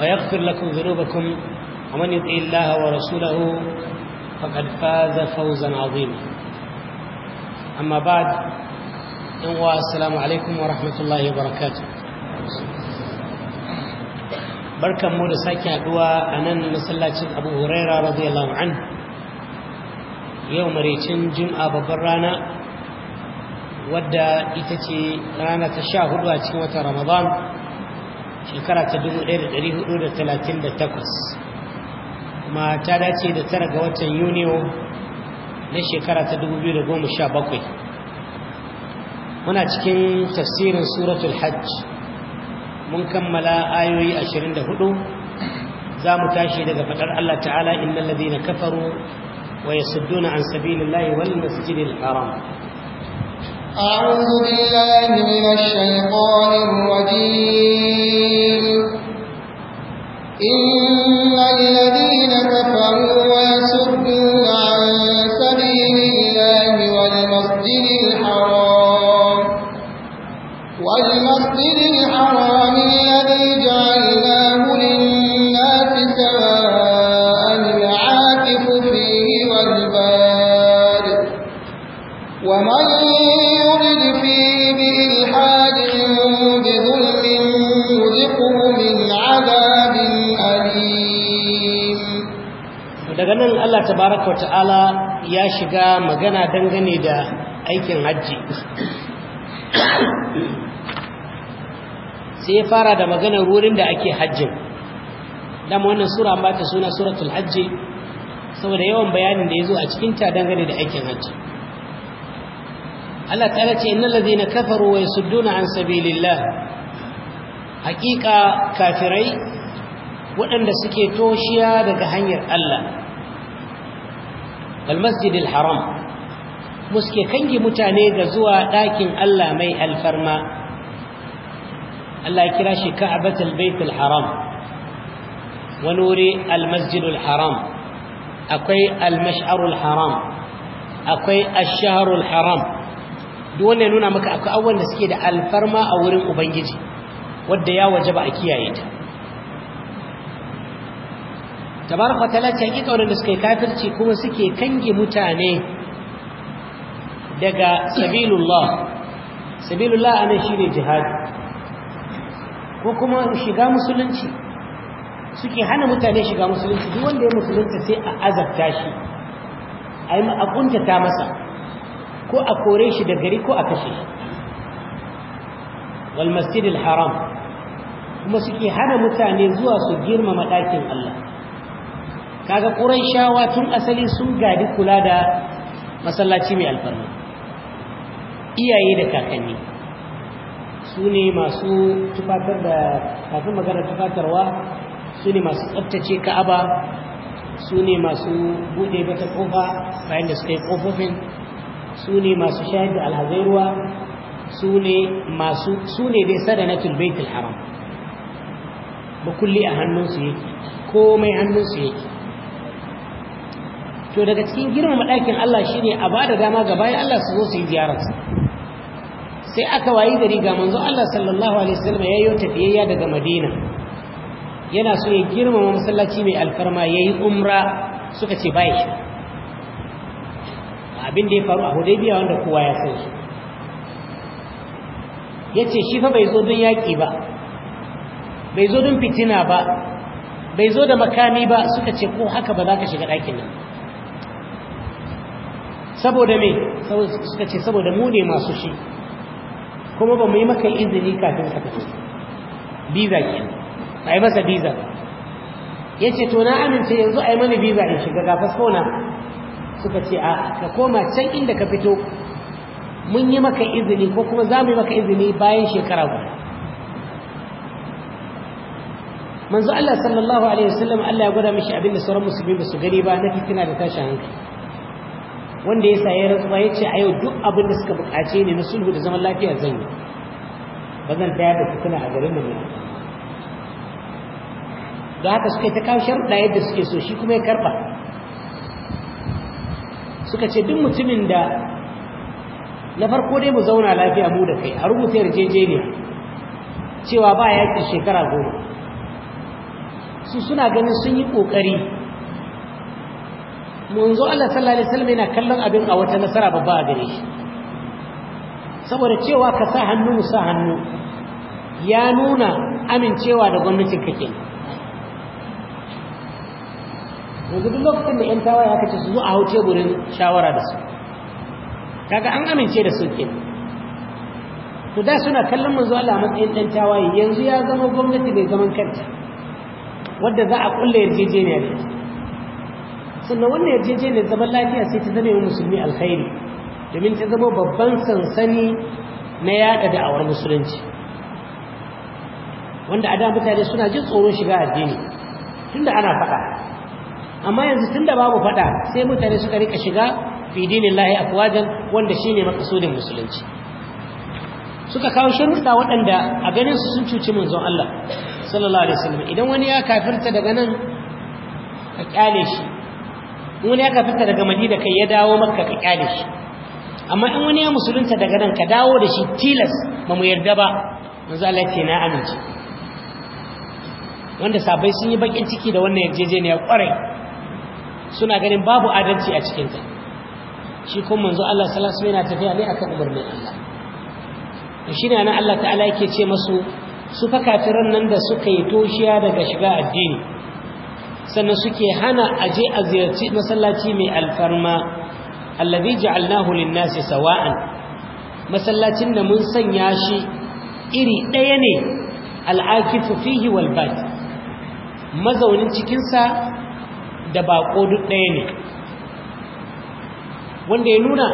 ويغفر لكم ذنوبكم ومن يطع الله ورسوله فقد فاز فوزا عظيما اما بعد انوا السلام عليكم ورحمه الله وبركاته barkan mu da sake haduwa a nan masallacin abu huraira radiyallahu an yau maricin jim'a babbar rana wadda ita ce rana ta sha hudu a cikin watan ramadan shekara ta dubu ɗaya da da hudu talatin 1438 kuma ta dace da tara ga watan yuniyo na shekara ta dubu biyu da goma sha bakwai. muna cikin tafsirin suratul hajj mun kammala ayoyi ashirin da hudu, za mu tashi daga faɗar Allah ta'ala innal ladina kafaru wa yasudduna an sabilillahi wal masjidil haram أعوذ بالله من الشيطان الرجيم إن tabaraka ta'ala ya shiga magana dangane da aikin hajji sai fara da maganar wurin da ake hajjin dama wannan sura an bata suna suratul hajji saboda yawan bayanin da ya zo a ta dangane da aikin hajji Allah Taala ce innal ladhina kafaru wa yasudduna an sabilillah hakika kafirai waɗanda suke toshiya daga hanyar Allah almasjidil haram muske kange mutane da zuwa ɗakin Allah mai alfarma Allah ya kira shi ka'batul baitul haram wani wuri almasjidul haram akwai almash'arul haram akwai asharul haram duk wannan nuna maka akwai abubuwan da suke da alfarma a wurin ubangiji wanda ya wajaba a kiyaye ta tabaraka wa ta'ala ce hakika waɗanda suka yi kafirci kuma suke kange mutane daga sabilullah sabilullah shi ne jihadi ko kuma shiga musulunci suke hana mutane shiga musulunci duk wanda ya musulunta sai a azabta shi a yi ta masa ko a kore shi da gari ko a kashe shi wal masjidil haram kuma suke hana mutane zuwa su girmama ɗakin Allah kaga quraishawa tun asali sun gadi kula da masallaci mai alfarma iyaye da kakanni su ne masu tufatar da kafin magana tufatarwa su ne masu tsabtace ka'aba su ne masu bude mata ƙofa bayan da suka yi ƙofofin su ne masu shayar da alhazairuwa. su ne masu su ne dai sadanatul baitul haram ba kulli a hannunsu yake komai hannunsu yake to daga cikin girmama ɗakin Allah shine a ba da dama ga bayan Allah su zo su yi ziyararsa sai aka wayi gari ga manzo Allah sallallahu alaihi wasallam ya yi tafiyayya daga Madina yana so ya girmama masallaci mai alfarma yayi umra suka ce bai shi abin da ya faru a Hudaybiya wanda kowa ya san shi yace shi fa bai zo don yaki ba bai zo don fitina ba bai zo da makami ba suka ce ko haka ba za ka shiga ɗakin nan saboda me suka ce saboda mu ne masu shi kuma ba mu yi maka izini kafin ka tafi biza ke a yi masa biza ya ce to na amince yanzu a yi mani biza in shiga ga fasfona suka ce a ah, ka koma can inda ka fito mun yi maka izini ko kuma za mu yi maka izini bayan shekara guda manzo Allah sallallahu alaihi wasallam Allah ya gwada mishi abin da sauran musulmi ba su gani ba na fitina da tashi hankali wanda ya sayi rantsuwa ya ce a yau duk abin da suka buƙace ne na sulhu da zaman lafiya zan yi ba zan da fitina a garin nan da haka suka yi ta kawo sharuɗa yadda suke so shi kuma ya karɓa suka ce duk mutumin da na farko dai mu zauna lafiya mu da kai a rubuta yarjejeniya cewa ba yaki shekara goma su suna ganin sun yi ƙoƙari munzo Allah sallallahu alaihi wasallam yana kallon abin a wata nasara babba a gare shi saboda cewa ka sa hannu sa hannu ya nuna amincewa da gwamnatin ka kenan yanzu duk lokacin da yan tawaye haka ce su zo a hau teburin shawara da su kaga an amince da su ke to da suna kallon manzo Allah matsayin dan tawaye yanzu ya zama gwamnati mai zaman kanta wadda za a kulle yarjejeniya da ita sannan wannan yarjejeniyar zaman lafiya sai ta zame wa musulmi alkhairi domin ta zama babban sansani na yada da'awar musulunci wanda a da mutane suna jin tsoron shiga addini tunda ana faɗa amma yanzu tunda babu faɗa sai mutane suka rika shiga fi a kuwajen wanda shine makasudin musulunci suka kawo sharuɗa waɗanda a ganin su sun cuci manzon Allah sallallahu alaihi wasallam idan wani ya kafirta daga nan ka kyale shi wani aka fita daga madina kai ya dawo makka ka kyale shi amma in wani ya musulunta daga nan ka dawo da shi tilas ba mu yarda ba manzo Allah ce na amince wanda sabai sun yi bakin ciki da wannan yarjejeniya kwarai suna ganin babu adalci a cikin ta shi kuma manzo Allah sallallahu alaihi wasallam yana tafiya ne akan umarnin Allah to shine nan Allah ta'ala yake ce masu su fa kafiran nan da suka yi toshiya daga shiga addini sannan suke hana aje a ziyarci masallaci mai alfarma allazi ja'alnahu lin-nasi sawa'an masallacin da mun sanya shi iri ɗaya ne al'akifu fihi wal mazaunin cikinsa da baƙo duk ɗaya ne wanda ya nuna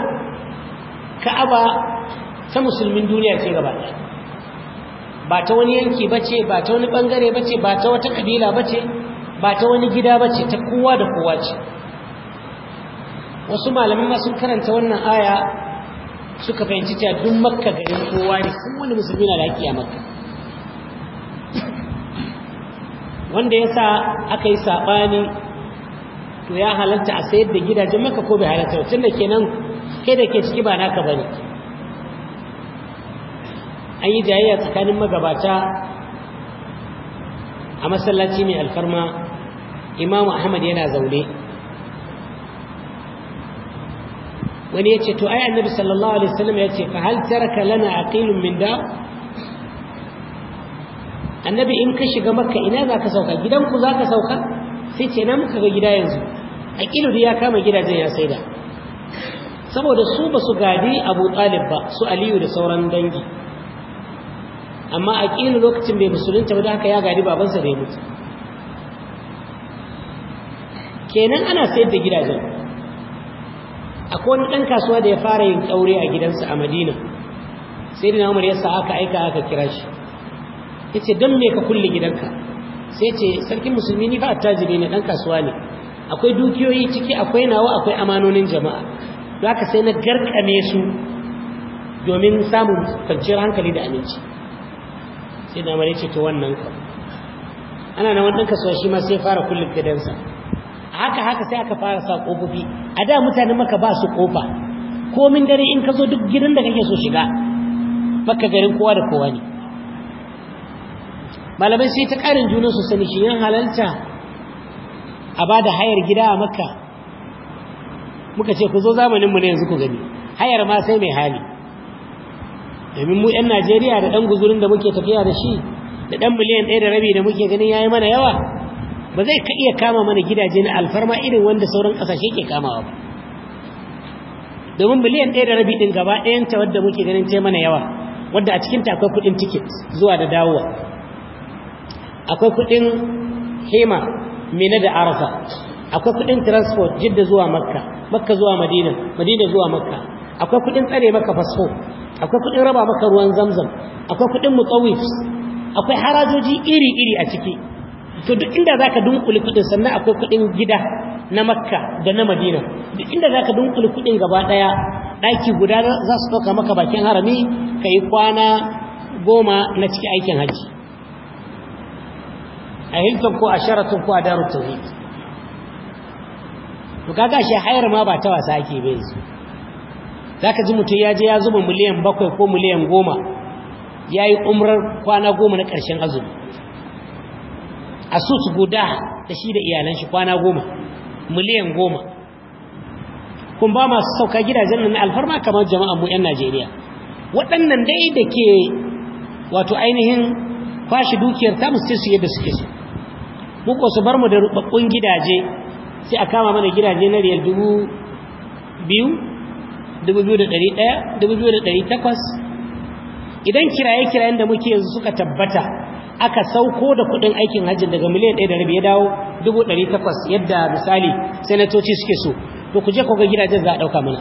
ka'aba ta musulmin duniya ce gaba ba ta wani yanki ba ce ba ta wani ɓangare ba ce ba ta wata ƙabila ba ce ba ta wani gida ba ce ta kowa da kowa ce wasu malamin masu karanta wannan aya suka fahimci cewa duk makka garin kowa ne wani musulmi na laƙiya makka wanda ya sa aka yi saɓani to ya halatta a sayar da gidajen makka ko bai halatta tun da kenan kai da ke ciki ba naka ba ne an yi jayayya tsakanin magabata a masallaci mai alfarma imamu ahmad yana zaune wani ya ce to ai annabi sallallahu alaihi wasallam ya ce fa hal taraka lana aqilun min da annabi in ka shiga makka ina za ka sauka Gidan ku za ka sauka sai ce na muka ga gida yanzu aqilu ya kama gidajen ya saida saboda su ba su gadi abu talib ba su aliyu da sauran dangi amma aqilu lokacin bai musulunta ba da haka ya gadi babansa da ya mutu kenan ana sayar da gidajen akwai wani ɗan kasuwa da ya fara yin ƙaure a gidansa a madina sai da namar ya sa aka aika aka kira shi ya ce don me ka kulle gidanka sai ce sarkin musulmi ni fa tajiri ne ɗan kasuwa ne akwai dukiyoyi ciki akwai nawa akwai amanonin jama'a za ka sai na garkame su domin samun kwanciyar hankali da aminci sai da namar ya ce to wannan ka ana na wannan kasuwa shi ma sai fara kulle gidansa haka haka sai aka fara sa kofofi a da mutane maka ba su kofa komin dare in ka zo duk gidan da kake so shiga maka garin kowa da kowa ne malamai sai ta karin juna su sani shi yan halalta a ba da hayar gida a makka muka ce ku zo zamaninmu ne yanzu ku gani hayar ma sai mai hali domin mu 'yan najeriya da dan guzurin da muke tafiya da shi da ɗan miliyan ɗaya da rabi da muke ganin ya yi mana yawa ba zai ka iya kama mana gidaje na alfarma irin wanda sauran kasashe ke kamawa ba domin miliyan ɗaya da rabi ɗin gaba ɗayanta wadda muke ganin ce mana yawa wadda a cikin akwai kuɗin tiket zuwa da dawowa akwai kuɗin hema mina da arafa akwai kuɗin transport jidda zuwa makka makka zuwa madina madina zuwa makka akwai kuɗin tsare maka fasfo akwai kuɗin raba maka ruwan zamzam akwai kuɗin mutsawif akwai harajoji iri-iri a ciki to duk inda zaka dunkule kudin sannan akwai kudin gida na makka da na madina duk inda zaka dunkule kudin gaba daya daki guda za su dauka maka bakin harami kai kwana goma na cikin aikin haji a hilton ko a ko a tawhid to kaga shi hayar ma ba ta wasa ake bai su zaka ji mutum ya je ya zuba miliyan bakwai ko miliyan goma ya yi umrar kwana goma na karshen azumi asus guda da shi da iyalan shi kwana goma miliyan goma kun ba masu sauka gidajen nan alfarma kamar jama'a mu 'yan najeriya waɗannan dai da ke wato ainihin kwashe dukiyar ta musu su yadda suke su mu ko su bar mu da rubabbun gidaje sai a kama mana gidaje na riyal dubu biyu dubu biyu da ɗari ɗaya dubu biyu da ɗari takwas idan kiraye kirayen da muke yanzu suka tabbata aka sauko da kudin aikin hajji daga miliyan 1.5 ya dawo 800 yadda misali senatoci suke so to ku je ku ga gidajen za a dauka mana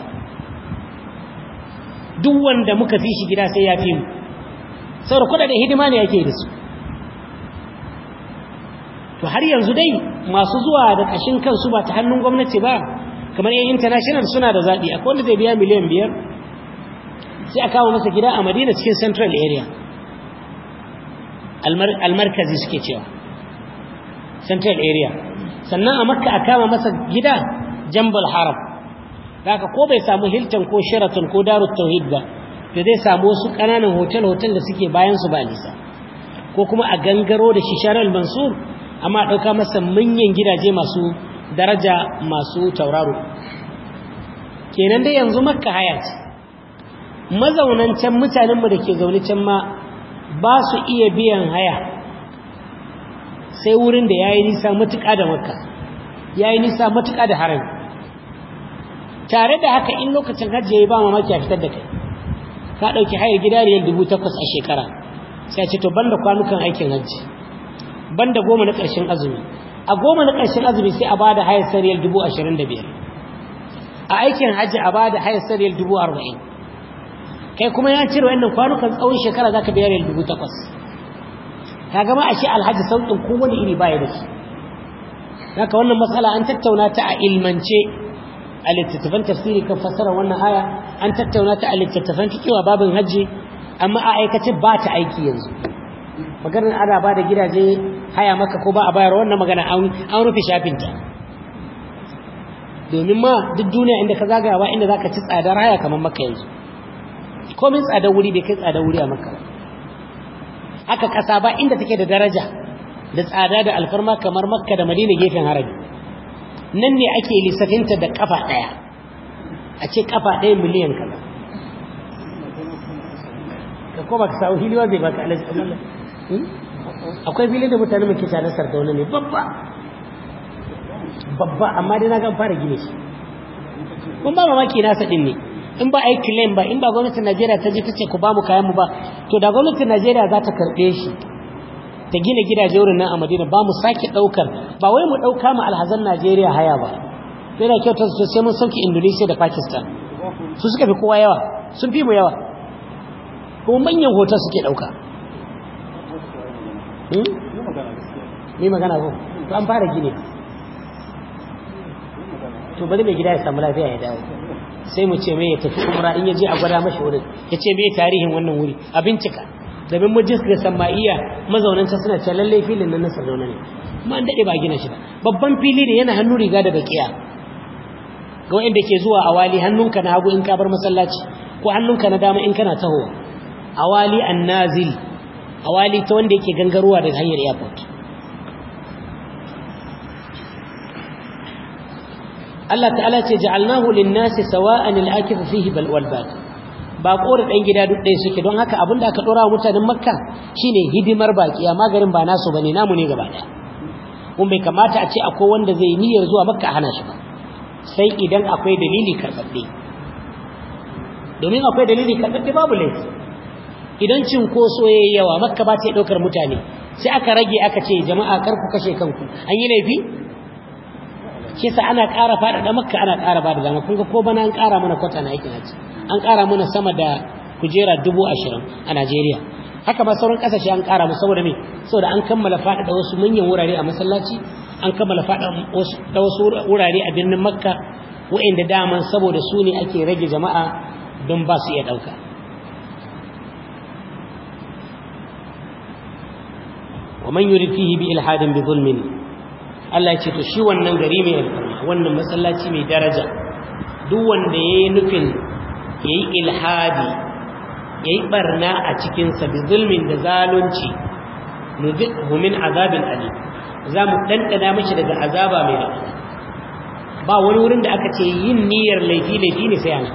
duk wanda muka fi shi gida sai ya fi mu saboda kudaden hidima ne yake da su to har yanzu dai masu zuwa da kashin kansu ba ta hannun gwamnati ba kamar yan international suna da zaɓi akwai wanda zai biya miliyan biyar sai a kawo masa gida a madina cikin central area almarkazi suke cewa central area sannan a makka a kama masa gida jambal haram daga ko bai samu hilton ko sheraton ko darut tauhid ba da zai samu wasu kananan hotel hotel da suke bayan su ba nisa ko kuma a gangaro da shi mansur amma a ɗauka masa manyan gidaje masu daraja masu tauraro kenan dai yanzu makka haya ce mazaunan can mutanenmu da ke zaune can ma ba su iya biyan haya sai wurin da ya yi nisa matuƙa da makka ya yi nisa matuƙa da harin. tare da haka in lokacin hajji ya ba mamaki a fitar da kai ka ɗauki hayar gida riyar dubu takwas a shekara sai ce to da kwanukan aikin hajji da goma na ƙarshen azumi a goma na ƙarshen azumi sai a ba da hayar sariyar dubu ashirin da biyar a aikin hajji a ba da hayar sariyar dubu arba'in kai kuma ya cire wayannan kwanukan tsawon shekara za ka zaka biya takwas. ta gama a shi alhaji sautin ko iri baya da shi ka wannan matsala an tattauna ta a ilmance a littattafan tafsiri kan fassara wannan haya, an tattauna ta a littattafan fikiwa babin hajji amma a aikace ba ta aiki yanzu maganar ana ba da gidaje haya maka ko ba a bayar wannan magana an rufe shafinta domin ma duk duniya inda ka zagayawa inda za ka ci tsadar haya kamar maka yanzu komin tsada wuri bai kai tsada wuri a makka aka kasa ba inda take da daraja da tsada da alfarma kamar makka da madina gefen harabi nan ne ake lissafinta da kafa daya a ce kafa daya miliyan kaza ka koma ka sa'o hiliwa zai baka alaji hmm? akwai filin da mutane mai kita nasar da wani ne babba babba amma dai na gan fara gine shi kun ba mamaki nasa din ne in ba ai claim ba in ba gwamnatin najeriya ta ji ta ce ku ba mu kayan mu ba to da gwamnatin najeriya za ta karbe shi ta gina gidaje wurin nan a madina ba mu sake daukar ba wai mu dauka mu alhazan najeriya haya ba yana kyautar su sai mun sauki indonesia da pakistan su suka fi kowa yawa sun fi mu yawa kuma manyan hoton suke dauka ni hmm? magana ko to an fara gine to bari mai gida ya samu lafiya ya dawo sai mu ce mai ya tafi umra in ya je a gwada mashi wurin ya ce mai tarihin wannan wuri a bincika domin mujis da samma'iya mazaunan ta suna ce lallai filin nan na sarrauna ne kuma an daɗe ba gina shi ba babban fili ne yana hannu riga da bakiya ga wanda ke zuwa a hannunka na hagu in ka bar masallaci ko hannunka na dama in kana tahowa a wali annazil a wali ta wanda yake gangarowa daga hanyar airport Allah ta'ala ce ja'alnahu lin-nasi sawa'an al-akifu fihi bal wal ba kore dan gida duk ɗaya suke don haka abinda aka dora mutanen makka shine hidimar baki amma garin ba nasu bane namu ne gaba daya kun bai kamata a ce akwai wanda zai niyyar zuwa makka hana shi ba sai idan akwai dalili karɓaɓɓe domin akwai dalili karɓaɓɓe babu laifi idan cinkoso ya yi yawa makka ba ta ɗaukar mutane sai aka rage aka ce jama'a kar ku kashe kanku an yi laifi shi yasa ana ƙara faɗaɗa makka ana ƙara faɗaɗa makka kun ga ko bana an ƙara mana kwata na aikin an ƙara mana sama da kujera dubu ashirin a najeriya haka ba sauran ƙasashe an ƙara mu saboda me saboda an kammala faɗaɗa wasu manyan wurare a masallaci an kammala faɗaɗa wasu wurare a birnin makka wa'inda dama saboda su ne ake rage jama'a don ba su iya ɗauka ومن يرد فيه بإلحاد بظلم Allah ya ce to shi wannan gari mai alfarma wannan masallaci mai daraja duk wanda yayi nufin yayi ilhadi yayi barna a cikin sa bi zulmin da zalunci nuzihu min azabin za zamu dandana mishi daga azaba mai rafi ba wani wurin da aka ce yin niyyar laifi laifi ne sai Allah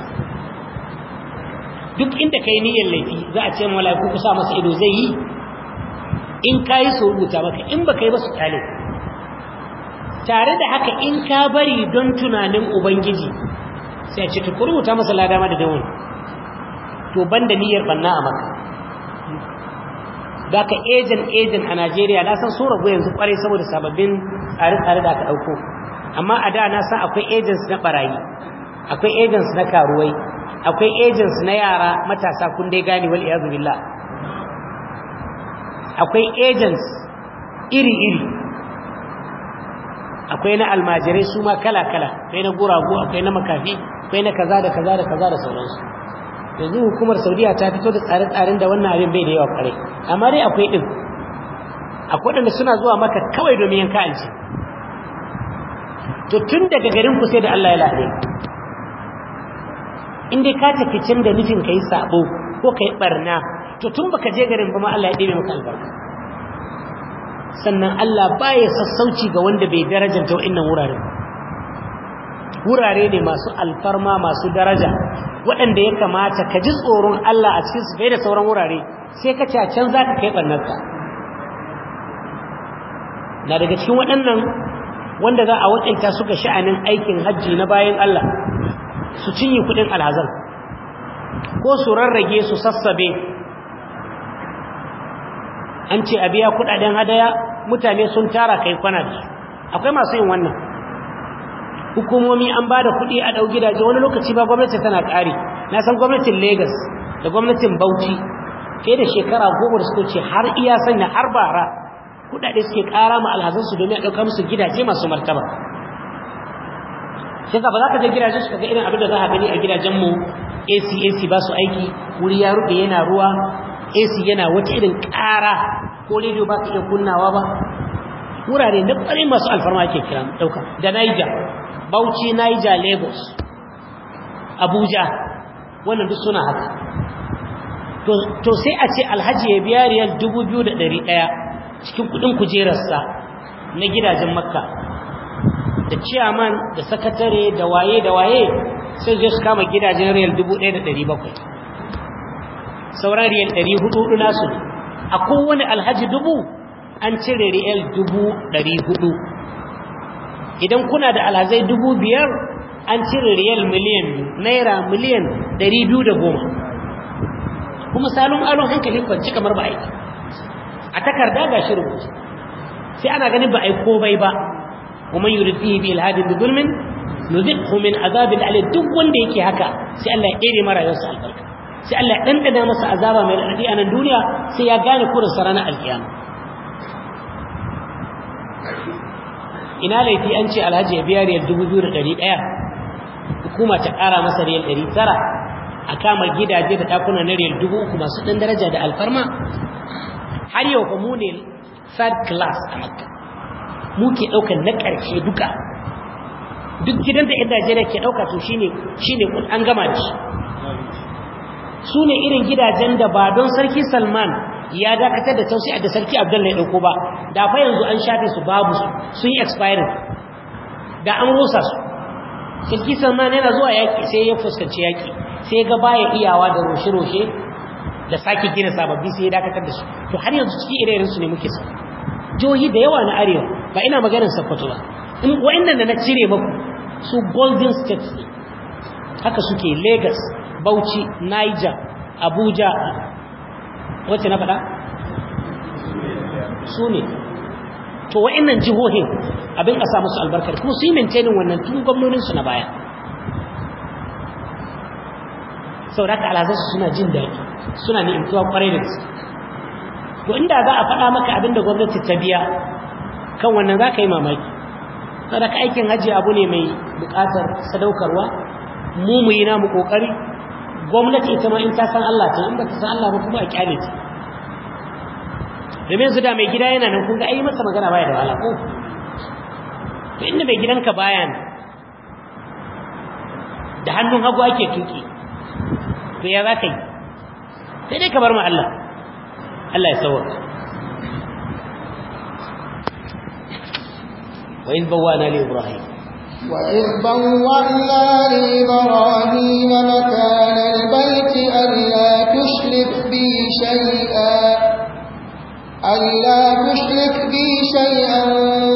duk inda kai niyyar laifi za a ce mala'iku ku sa masa ido zai yi in kai su rubuta maka in ba kai ba su kale tare da haka in ka bari don tunanin ubangiji sai a ce masa ladama da dawon to ban da niyyar banna a maka da ka ejen ejen a najeriya na san sun goyon yanzu kwarai saboda sababbin tsare-tsare da aka dauko amma a da na san akwai agents na barayi akwai agents na karuwai akwai agents na yara matasa kun dai gane wal iyazu billah akwai agents iri-iri akwai na almajirai su ma kala-kala akwai na guragu akwai na makafi akwai na kaza da kaza da kaza da sauransu yanzu hukumar saudiya ta fito da tsare-tsaren da wannan abin bai da yawa kwarai amma dai akwai ɗin akwai ɗin suna zuwa maka kawai domin yanka alji to tun daga garin ku sai da allah ya lafiya in dai ka tafi can da nufin ka yi sabo ko ka yi ɓarna to tun baka je garin ba ma allah ya ɗebe maka albarka sannan Allah baya sassauci ga wanda bai darajanta wa'annan wuraren wurare Wurare ne masu alfarma masu daraja waɗanda ya kamata ka ji tsoron Allah a cikin su bai da sauran wurare sai ka can za ka kai ɓannarka na daga cikin waɗannan wanda za a su suka sha'anin aikin hajji na bayan Allah su cinye kuɗin alhazan ko su rarrage su sassabe an ce a biya kudaden hadaya mutane sun tara kai kwana da akwai masu yin wannan hukumomi an bada da kuɗi a dau gidaje wani lokaci ba gwamnati tana kare. na san gwamnatin lagos da gwamnatin bauchi ke da shekara goma da suka ce har iya sanya har bara kuɗaɗe suke ƙara ma su domin a dauka musu gidaje masu martaba sai ka ba za ka je gidajen su kaga irin abin da za a gani a gidajen mu ACAC ba su aiki wuri ya rufe yana ruwa AC yana wata irin ƙara ko rediyo ba ka iya kunnawa ba wurare na ƙwarai masu alfarma ke kira ɗauka da Niger Bauchi Niger Lagos Abuja wannan duk suna haka to sai a ce alhaji ya biya riyal dubu biyu da ɗari ɗaya cikin kuɗin kujerarsa na gidajen makka da ciyaman da sakatare da waye da waye sai zai su kama gidajen riyal dubu ɗaya da ɗari bakwai saurariyan 400 nasu a kowane alhaji dubu an cire riyal dubu 400 idan kuna da alhazai dubu biyar an cire riyal miliyan naira miliyan 210 kuma salon alon hankali kwanci kamar ba aiki a takarda ga shirin sai ana ganin ba aiko bai ba ومن يرد فيه بإلهاد بظلم نذقه من azabin alai duk wanda yake haka sai Allah ya ɗere mara yasa albarka sai Allah ɗanɗana masa azaba mai raɗaɗi a nan duniya sai ya gane kurinsa ranar alkiyama ina laifi an ce alhaji ya biya riyal dubu biyu da ɗari ɗaya hukuma ta ƙara masa riyal ɗari tara a kama gidaje da ɗakuna na riyal dubu uku masu ɗan daraja da alfarma har yau ba mu ne third class a makka mu ke ɗaukar na ƙarshe duka duk gidan da 'yan najeriya ke ɗauka to shine shine an gama da shi su ne irin gidajen da ba don sarki salman ya dakatar da tausi da sarki abdullahi ya ɗauko ba da fa yanzu an shafe su babu su sun yi expiring da an rusa su sarki salman yana zuwa yaƙi sai ya fuskanci yaƙi sai ga baya iyawa da roshe-roshe da sake gina sababbi sai ya dakatar da su to har yanzu ciki ire irinsu ne muke sa jihohi da yawa na arewa ba ina maganin sakwato ba wa'annan da na cire maku su golden states ne haka suke lagos bauchi niger abuja wacce na faɗa su ne to wa'annan jihohin abin a samu su albarkar kuma su yi mintanin wannan tun gwamnoninsu na baya sau da alazarsu suna jin daɗi suna ne imtuwa kwarai da su. to inda za a faɗa maka abin da gwamnati ta biya kan wannan za ka yi mamaki sau da aikin hajji abu ne mai buƙatar sadaukarwa mu mu yi namu ƙoƙari gwamnati ita ma in ta san Allah ta in ba ta san Allah ba kuma a kyale ta domin su da mai gida yana nan kun ga ai masa magana baya da wahala ko to inda mai gidanka baya ne da hannun hagu ake tuki to ya za ka yi sai dai ka bar ma Allah Allah ya sauwa wa in bawana li ibrahim وإذ بوأنا لإبراهيم مكان البيت ألا تشرك بي شيئا ألا تشرك بي شيئا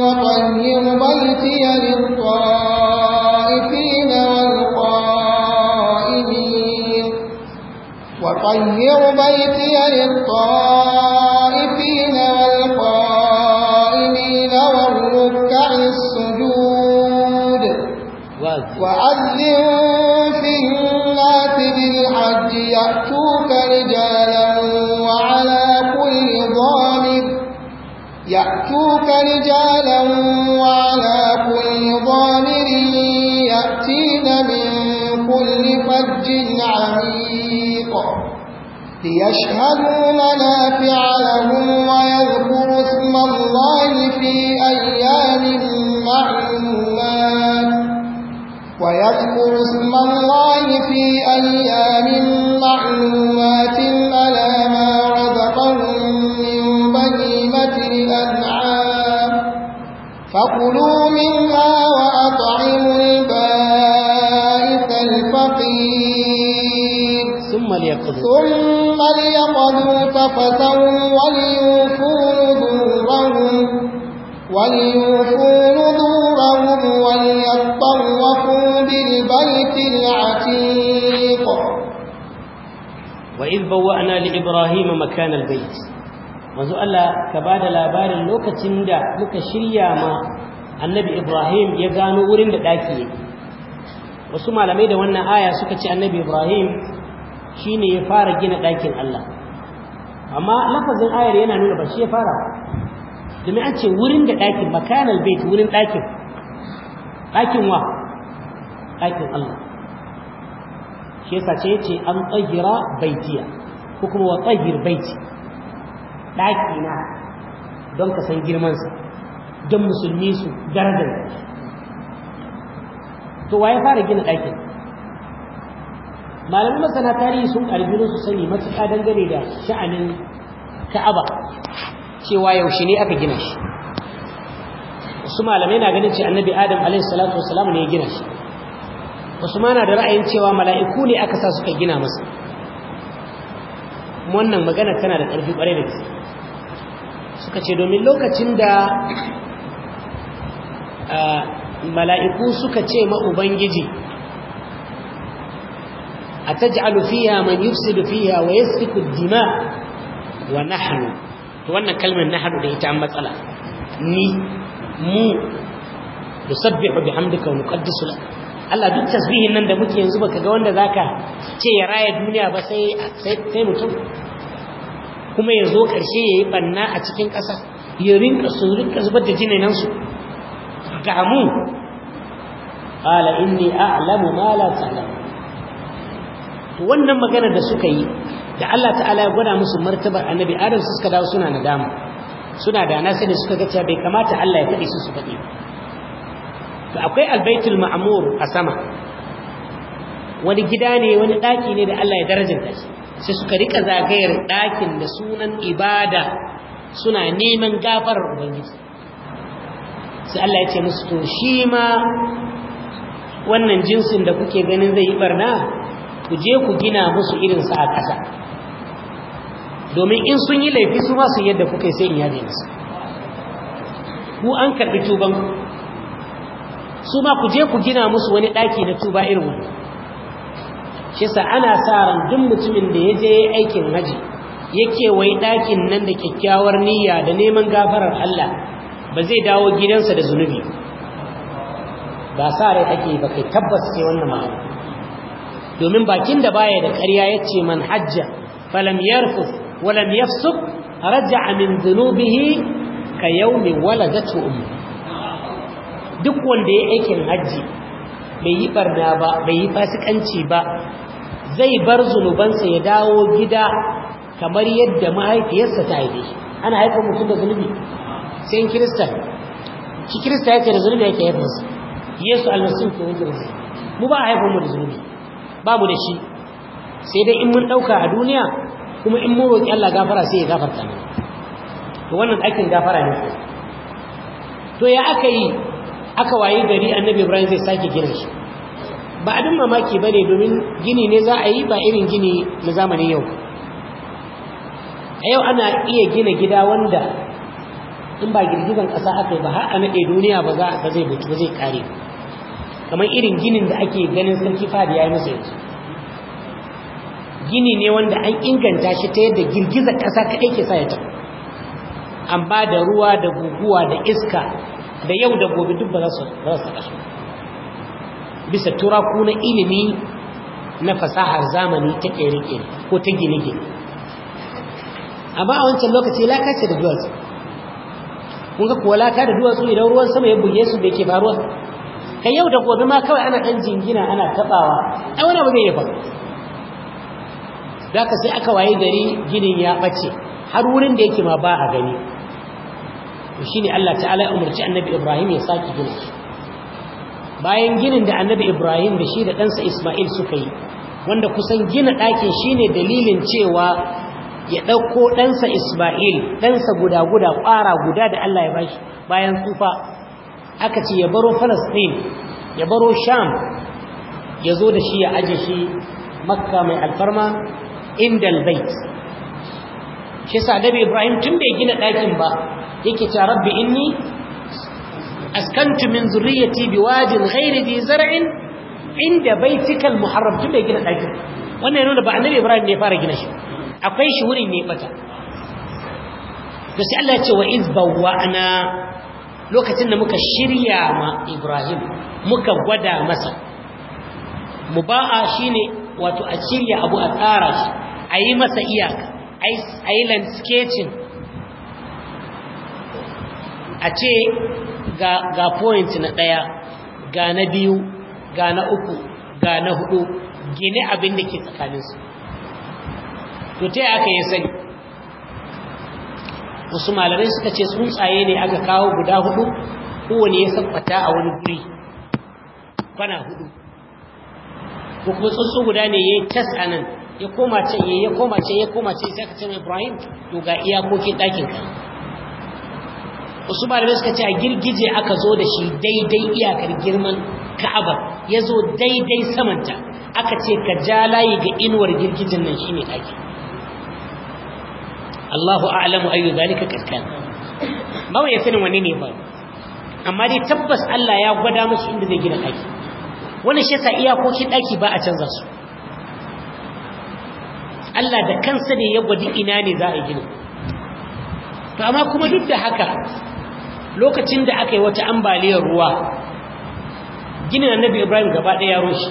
وطهر بيتي للطائفين والقائمين وطهر بيتي للطائفين يأتونك رجالا وعلى كل ضامر يأتوك رجالا وعلى كل ضامر يأتين من كل فج عميق ليشهدوا منافع لهم ويذكروا اسم الله في أيام معلومة ويذكر اسم الله في أيام معلومات على ما رزقهم من بهيمة الأنعام فكلوا منها وأطعموا البائس الفقير ثم ليقضوا ثم ليقضوا تفتهم وليوفوا نذورهم وليوفوا نذورهم وليطوفوا بالبيت العتيق وإذ بوأنا لإبراهيم مكان البيت manzo Allah ka bada labarin lokacin da muka shirya ma annabi Ibrahim ya gano wurin da daki yake wasu malamai da wannan aya suka ce annabi Ibrahim shine ya fara gina dakin Allah amma lafazin ayar yana nuna ba shi ya fara domin an ce wurin da dakin makanal bait wurin dakin dakin wa ɗakin Allah shi yasa ce ce an tsahira baitiya ko kuma wa tsahir baiti ɗaki na don ka san girmansa don musulmi su darajar to waye fara gina ɗakin malamin masana tarihi sun ƙarfi su sani matuƙa dangane da sha'anin ka'aba cewa yaushe ne aka gina shi su malamai na ganin ce annabi adam alaihi salatu wasalam ne ya gina shi usman na da ra'ayin cewa mala'iku ne aka sa suka gina masa wannan magana tana da ƙarfi ƙwarai da gaske suka ce domin lokacin da mala'iku suka ce ma ubangiji a taj'alu fiha man yufsidu fiya wa yasfiku dima wa nahnu to wannan kalmar nahnu da ita an matsala ni mu nusabbihu bihamdika wa nuqaddisu lak Allah duk tasbihin nan da muke yanzu baka ga wanda zaka ce ya raya duniya ba sai sai mutum kuma ya zo ƙarshe ya yi a cikin ƙasa ya rinka su da zubar da su ga mu ƙala inni a'lamu ma la ta'lamu to wannan magana da suka yi da Allah ta'ala ya gwada musu martabar annabi adam suka dawo suna nadama suna da nasani suka ga cewa bai kamata Allah ya faɗi su su faɗi akwai albaitul ma'mur a sama wani gida ne wani daki ne da Allah ya darajanta shi sai suka rika zagayar dakin da sunan ibada suna neman gafarar ubangiji sai Allah ya ce musu to shi ma wannan jinsin da kuke ganin zai yi barna ku je ku gina musu irin sa a ƙasa domin in sun yi laifi su ma su yadda kuke sai in yaje musu ku an karbi tuban su ma ku je ku gina musu wani ɗaki na tuba irin wani shi ana sa ran duk mutumin da ya je aikin haji yake wai ɗakin nan da kyakkyawar niyya da neman gafarar Allah ba zai dawo gidansa da zunubi ba sa rai ake ba kai tabbas ke wannan ma'ana domin bakin da baya da ƙarya ce man hajja falam yarfu walam yafsuk raja'a min zunubihi ka yawmi waladatu duk wanda ya aikin hajji bai yi barna ba bai yi fasikanci ba zai bar zunubansa ya dawo gida kamar yadda mahaifiyarsa ta haife ana haifar mutum da zunubi sai kirista ki kirista yake da zunubi yake su? yesu almasihu ke hujjarsa mu ba a haifar mu da zunubi babu da shi sai dai in mun ɗauka a duniya kuma in mun roƙi Allah gafara sai ya gafarta to wannan aikin gafara ne to ya aka yi aka waye gari annabi ibrahim zai sake gina shi ba abin mamaki ba ne domin gini ne za a yi ba irin gini na zamanin yau a yau ana iya gina gida wanda in ba girgizan ƙasa aka yi ba har a naɗe duniya ba za a zai mutu zai kare kamar irin ginin da ake ganin sarki fadi ya yi masa yanzu gini ne wanda an inganta shi ta yadda girgizar ƙasa kaɗai ke sa ya an ba da ruwa da guguwa da iska da yau da gobe duk ba za su saka su bisa turaku na ilimi na fasahar zamani ta ƙere ko ta gine-gine amma a wancan lokaci laka ce da duwatsu kun ga kuwa laka da duwatsu idan ruwan sama ya buge su bai ke faruwa kai yau da gobe ma kawai ana ɗan jingina ana taɓawa ai wani abu zai yi faru da ka sai aka waye gari ginin ya ɓace har wurin da yake ma ba a gani to shine Allah ta'ala ya umarci annabi Ibrahim ya sake gina bayan ginin da annabi Ibrahim da shi da ɗansa Ismail suka yi wanda kusan gina ɗakin shine dalilin cewa ya ɗauko ɗansa Ismail ɗansa guda-guda ƙwara guda da Allah ya bashi bayan tsufa aka ce ya baro palestine ya baro Sham ya zo da shi ya aje shi makka mai alfarma indal bait shi sa Ibrahim tun bai gina ɗakin ba yake ce rabbi inni askantu min zurriyati biwadin ghairi dhi zar'in inda baitikal muharram tun bai gina daki wannan yana da ba annabi ibrahim ne fara gina shi akwai shi wurin ne fata to sai Allah ya ce wa iz bawwa'na lokacin da muka shirya ma ibrahim muka gwada masa muba'a shine wato a shirya abu a tsara shi a yi masa iyaka a yi landscaping a ce ga point na ɗaya ga na biyu ga na uku ga na hudu gine abin da ke tsakaninsu to ta aka yi sani wasu malamai suka ce tsuntsaye ne aka kawo guda hudu kowane ya sabbata a wani guri kwana hudu ko kuma tsuntsu guda ne ya yi tas a nan ya koma ce ya koma ce ya koma ce sai ka ce mai ibrahim to ga iyakokin ɗakin ka wasu malamai suka ce a girgije aka zo da shi daidai iyakar girman ka'abar ya zo daidai samanta aka ce ka ja layi ga inuwar girgijin nan shine ake Allahu a'lamu ayyu zalika kaskan ba ya sanin wani ne ba amma dai tabbas Allah ya gwada musu inda zai gina ɗaki wannan shi yasa iyakokin ɗaki ba a canza su Allah da kansa ne ya gwadi ina ne za a gina to amma kuma duk da haka lokacin da aka yi wata ambaliyar ruwa na annabi ibrahim gaba ya rushe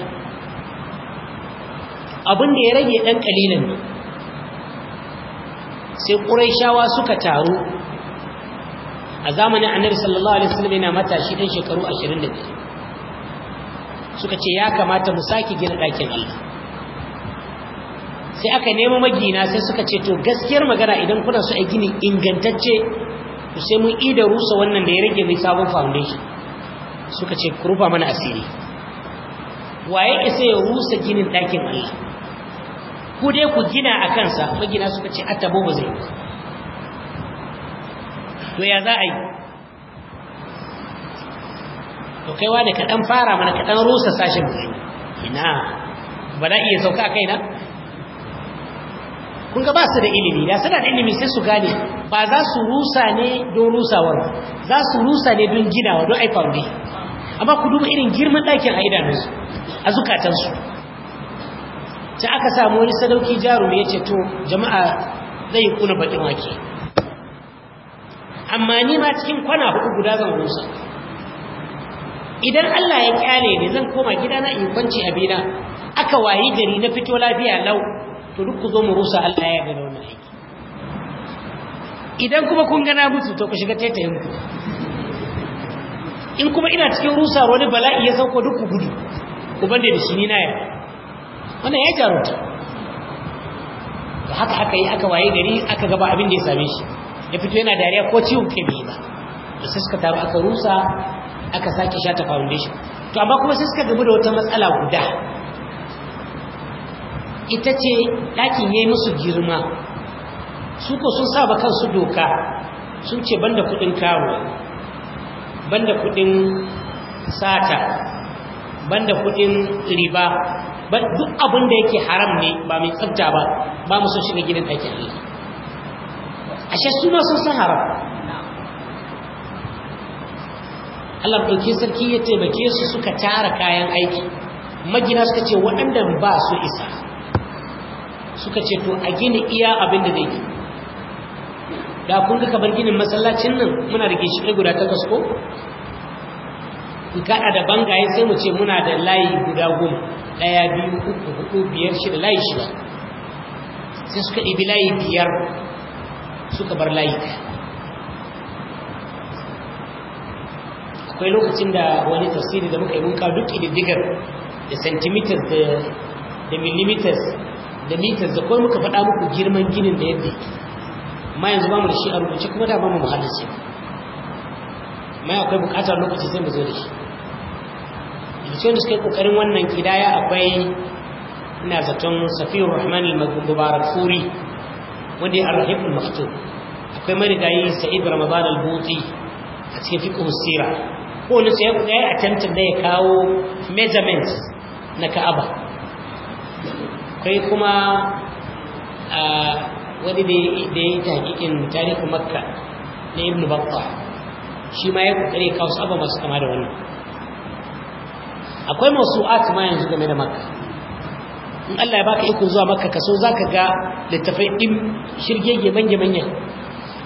abin da ya rage ɗan kalilan ne sai ƙuraishawa suka taru a zamanin annabi sallallahu alaihi wasallam yana matashi ɗan shekaru 25 suka ce ya kamata mu sake gina ɗakin Allah sai aka nemi magina sai suka ce to gaskiyar magana idan kuna so a gini ingantacce to sai mun ida rusa wannan da ya rage mai sabon foundation suka ce ku rufa mana asiri waye isa ya rusa ginin ɗakin Allah ku dai ku gina a kansa magina suka ce atabo ba zai to ya za a yi to kaiwa da kaɗan fara mana kaɗan rusa sashen ina ba na iya sauka a kaina kun ga ba su da ilimi da suna da ilimi sai su gane ba za su rusa ne don rusawar za su rusa ne don ginawa don aifar ne amma ku duba irin girman ɗakin a idanunsu a zukatansu ta aka samu wani sadauki jarumi ya ce to jama'a zai yi kuna baɗin wake amma ni ma cikin kwana hudu guda zan rusa idan Allah ya kyale ne zan koma gidana in kwanci abina aka wayi gari na fito lafiya lau to duk ku zo mu rusa Allah ya ga wannan aiki idan kuma kun gana mutu to ku shiga taitayen ku in kuma ina cikin rusa wani bala'i ya sauko duk ku gudu ku bande da shi ni na ya wannan ya jarumta haka aka yi aka waye gari aka gaba abin da ya same shi ya fito yana dariya ko ciwon kai bai ba da sai suka taru aka rusa aka sake shata foundation to amma kuma sai suka gaba da wata matsala guda ita ce ɗakin ya yi musu girma su ko sun saba kansu doka sun ce banda kudin kawo banda kudin sata banda kudin riba duk abin da yake haram ne ba mai tsabta ba ba mu so shiga gidan ɗakin ne ashe su ma sun san haram Allah ɗauki sarki ya taimake su suka tara kayan aiki magina suka ce waɗanda ba su isa suka ce to a gina iya abin da zai yi da kun ga kamar ginin masallacin nan muna da ginshiƙe guda takwas ko gaɗa da bangaye sai mu ce muna da layi guda goma ɗaya biyu uku hudu biyar shida layi shida sai suka ɗibi layi biyar suka bar layi akwai lokacin da wani tafsiri da muka yi mun duk ididdigar da centimeters da millimeters da mitar da kawai muka faɗa muku girman ginin da yadda ma yanzu ba mu da shi a rubuce kuma da ba mu muhallin sai akwai bukatar lokaci sai mu zo da shi cikin da suka yi kokarin wannan kidaya akwai ina zaton Safiyu rahman al-mubarak furi wanda ya arhib al-maktub akwai marigayi sa'id ramadan al-buti a cikin fiqh sira ko ne sai ya yi attempt da ya kawo measurements na ka'aba kai kuma wani da ya yi tahqiqin tarihi makka na ibn bakwa shi ma ya kokare kawo saba masu kama da wannan akwai ati ma yanzu game da makka in Allah ya baka ikon zuwa makka kaso ka ga littafai shirge shirgege manya manya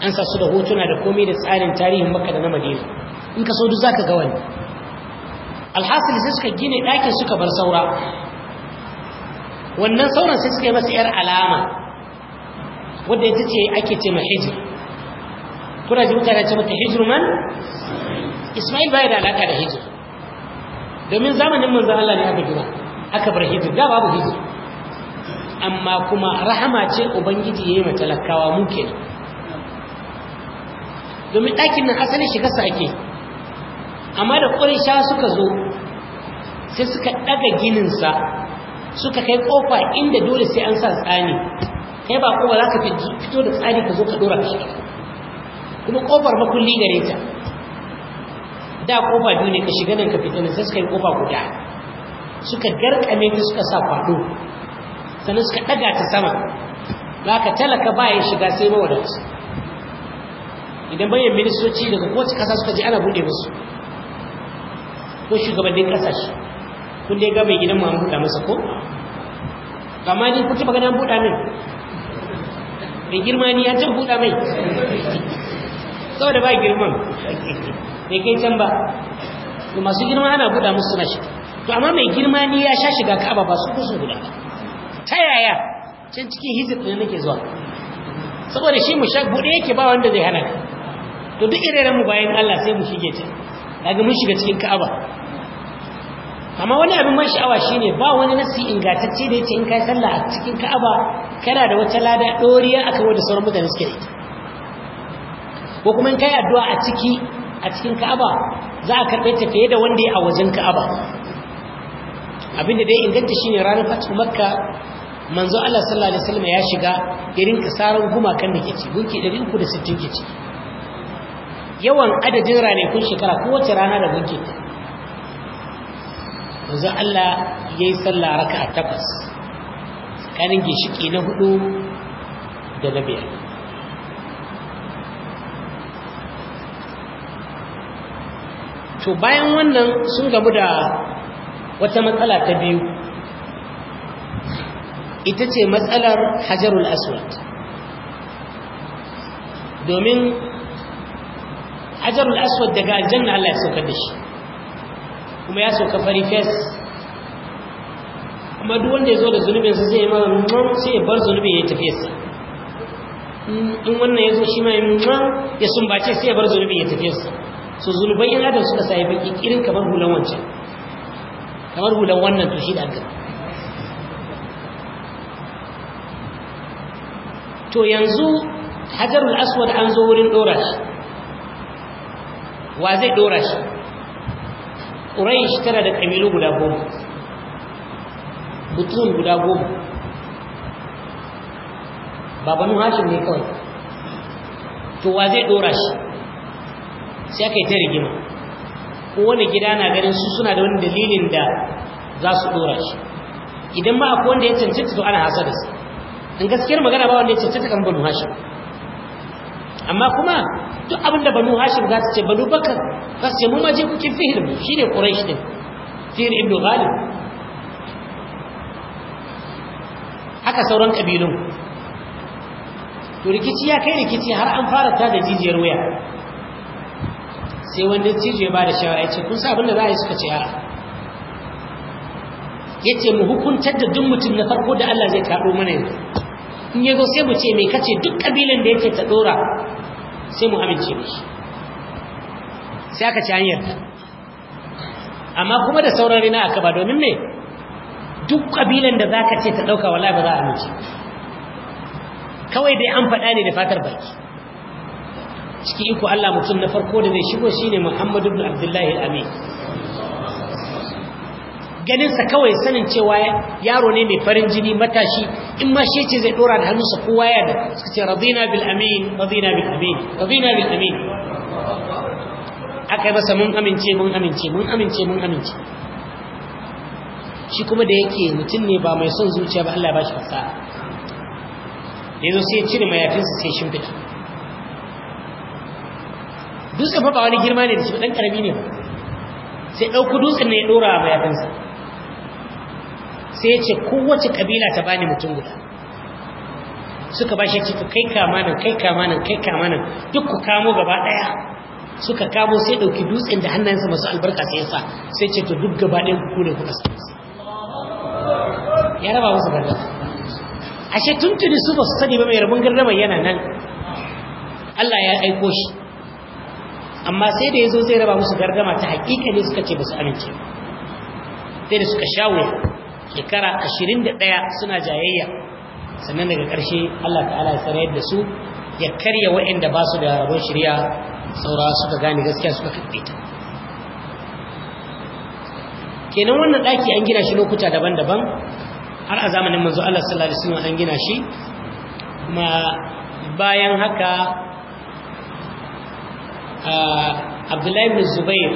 an sa su da hotuna da komai da tsarin tarihin makka da na madina in kaso duk ka ga wani alhasil sai suka gine ɗakin suka bar saura wannan sauran sai suka yi masa yar alama wadda ita ce ake ce mai hijir kuna ji mutane ce mata hijir man ismail baya da alaka da hijir domin zamanin manzan Allah ne aka gina aka bar hijir da babu hijir amma kuma rahama ce ubangiji ya yi matalakawa muke domin ɗakin nan asalin sa ake amma da sha suka zo sai suka ɗaga gininsa suka kai kofa inda dole sai an sa tsani kai ba kuma za ka fito da tsani ka zo ka dora shi kuma kofar makulli gare ta da kofa biyu ne ka shiga nan ka fita nan sai suka yi kofa guda suka garkame ta suka sa kwado sannan suka daga ta sama za ka talaka ba ya shiga sai mawadansu idan bayan ministoci daga kowace kasa suka je ana bude musu ko shugabannin kasashe kun dai ga mai gidan mu an buɗa masa ko amma ni kun taɓa ganin an buɗa min mai girma ni an taɓa buɗa mai saboda ba girman bai kai can ba to masu girma ana buɗa musu suna shi to amma mai girma ni ya sha shiga ka'aba ba su kusa guda ta yaya can cikin hijir ɗin nake zuwa saboda shi mu sha buɗe yake ba wanda zai hana to duk irin mu bayan Allah sai mu shige ta daga mun shiga cikin ka'aba amma wani abin ban sha'awa shine ba wani nasi ingantacce da yace in kai sallah a cikin Ka'aba kana da wata lada doriya akan wanda sauran mutane suke yi ko kuma in kai addu'a a ciki a cikin Ka'aba za a karbe ta fiye da wanda yake a wajen Ka'aba abinda dai inganta shine ranar fatu Makka manzo Allah sallallahu alaihi wasallam ya shiga irin kasaran gumakan da ke ci gunki 360 ke ci yawan adadin ranakun shekara kowace rana da gunki manzo Allah ya yi sallah raka a takwas tsakanin gishiki na hudu da na biyar to bayan wannan sun gabu da wata matsala ta biyu ita ce matsalar hajarul aswad domin hajarul aswad daga aljanna Allah ya saukar da shi kuma ya sauka fari fes amma duk wanda ya zo da zunubinsa sai ya mara mman sai ya bar zunubin ya tafi sa in wannan ya zo shi mai mman ya sumbace sai ya bar zunubin ya tafi sa so zunuban yana da suka sa ya baki irin kamar hulan wancan kamar hulan wannan to shi da aka to yanzu hajarul aswad an zo wurin dora shi wa zai dora shi quraish tana da ƙabilu guda goma butun guda goma babanin hashin ne kawai to wa zai ɗora shi sai aka yi ta rigima kowane gida na ganin su suna da wani dalilin da za su ɗora shi idan ma akwai wanda ya cancanta to ana hasa da su in gaskiyar magana ba wanda ya cancanta kan banu hashin. amma kuma duk abinda banu hashim za su ce banu bakar za su ce mu maje kuke fihir mu shi ne shi ɗin fihir ibn ghalib haka sauran ƙabilun to rikici ya kai rikici har an fara ta da jijiyar wuya sai wanda jijiyar ba da shawara ya ce kun sa abinda za a yi suka ce a ya ce mu hukuntar da duk mutum na farko da allah zai taɗo mana yanzu in ya zo sai mu ce mai kace duk ƙabilan da yake ta ɗora sai mu amince da shi sai aka ci an amma kuma da sauran rina aka ba domin me duk kabilan da zaka ce ta dauka wallahi ba za a amince kawai dai an faɗa ne da fatar baki ciki iko Allah mutum na farko da zai shigo shine Muhammadu ibn Abdullahi al-Amin ganinsa kawai sanin cewa yaro ne mai farin jini matashi in ma shi ce zai dora da hannunsa kowa ya da suka ce radina bil amin radina bil amin radina bil amin akai yi masa mun amince mun amince mun amince mun amince shi kuma da yake mutum ne ba mai son zuciya ba Allah ya bashi fasaha yanzu sai ya cire sa sai shimfiɗa Dutsen fa ba wani girma ne da shi ɗan karami ne sai ɗauku dutsen ne ya ɗora mayafin sa sai ya ce kowace kabila ta bani mutum guda suka ba shi ce to kai kamanan, kai kamanan, kai kamanan, duk ku kamo gaba daya suka kamo sai dauki dutsen da hannayensa masu albarka sai yasa sai ce to duk gaba daya ku ne ku kasance ya raba musu gardama ashe tuntuni su ba su sani ba mai rabin gardama yana nan Allah ya aiko shi amma sai da yazo sai zai raba musu gardama ta hakika ne suka ce ba su amince sai da suka sha wuya shekara ɗaya suna jayayya sannan daga ƙarshe Allah ta'ala ya tsare da su ya karya wa'inda ba su da rabon shirya saura suka gane gaskiya suka karɓe ta kenan wannan ɗaki an gina shi lokuta daban-daban har a zamanin manzo Allah sallallahu alaihi wasallam an gina shi kuma bayan haka Abdullahi bin Zubair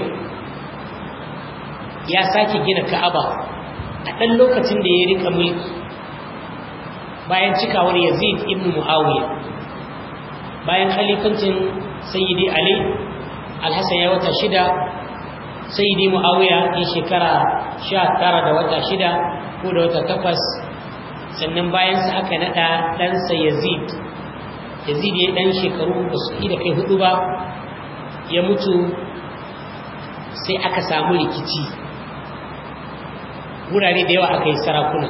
ya sake gina Ka'aba a ɗan lokacin da ya rika mulki bayan cikawar yazid ibn muawiya bayan khalifancin sayyidi ali alhassan ya wata shida sayyidi muawiya ya shekara sha tara da wata shida ko da wata takwas sannan bayan sa aka naɗa ɗansa yazid yazid ya ɗan shekaru ba su da kai hudu ba ya mutu sai aka samu rikici wurare da yawa aka yi sarakuna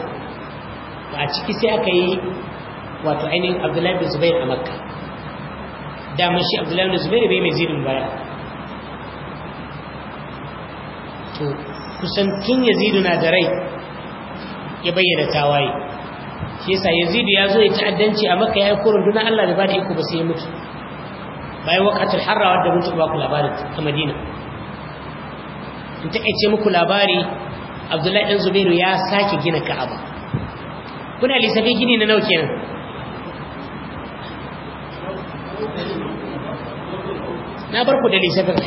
a ciki sai aka yi wato ainihin abdullahi bin zubair a makka damar shi abdullahi bin zubair bai mai zirin baya to kusan tun yazidu na da rai ya bayyana tawaye shi yasa yazidu ya zo ya ta'addanci a makka ya yi korin duna allah da ba da iko ba sai ya mutu bayan wakatul harra da mutu ba ku labarin ta madina in taƙaice muku labari abdullahi dan zubairu ya sake gina ka'aba kuna lissafi gini na nauke nan? na bar ku da lissafin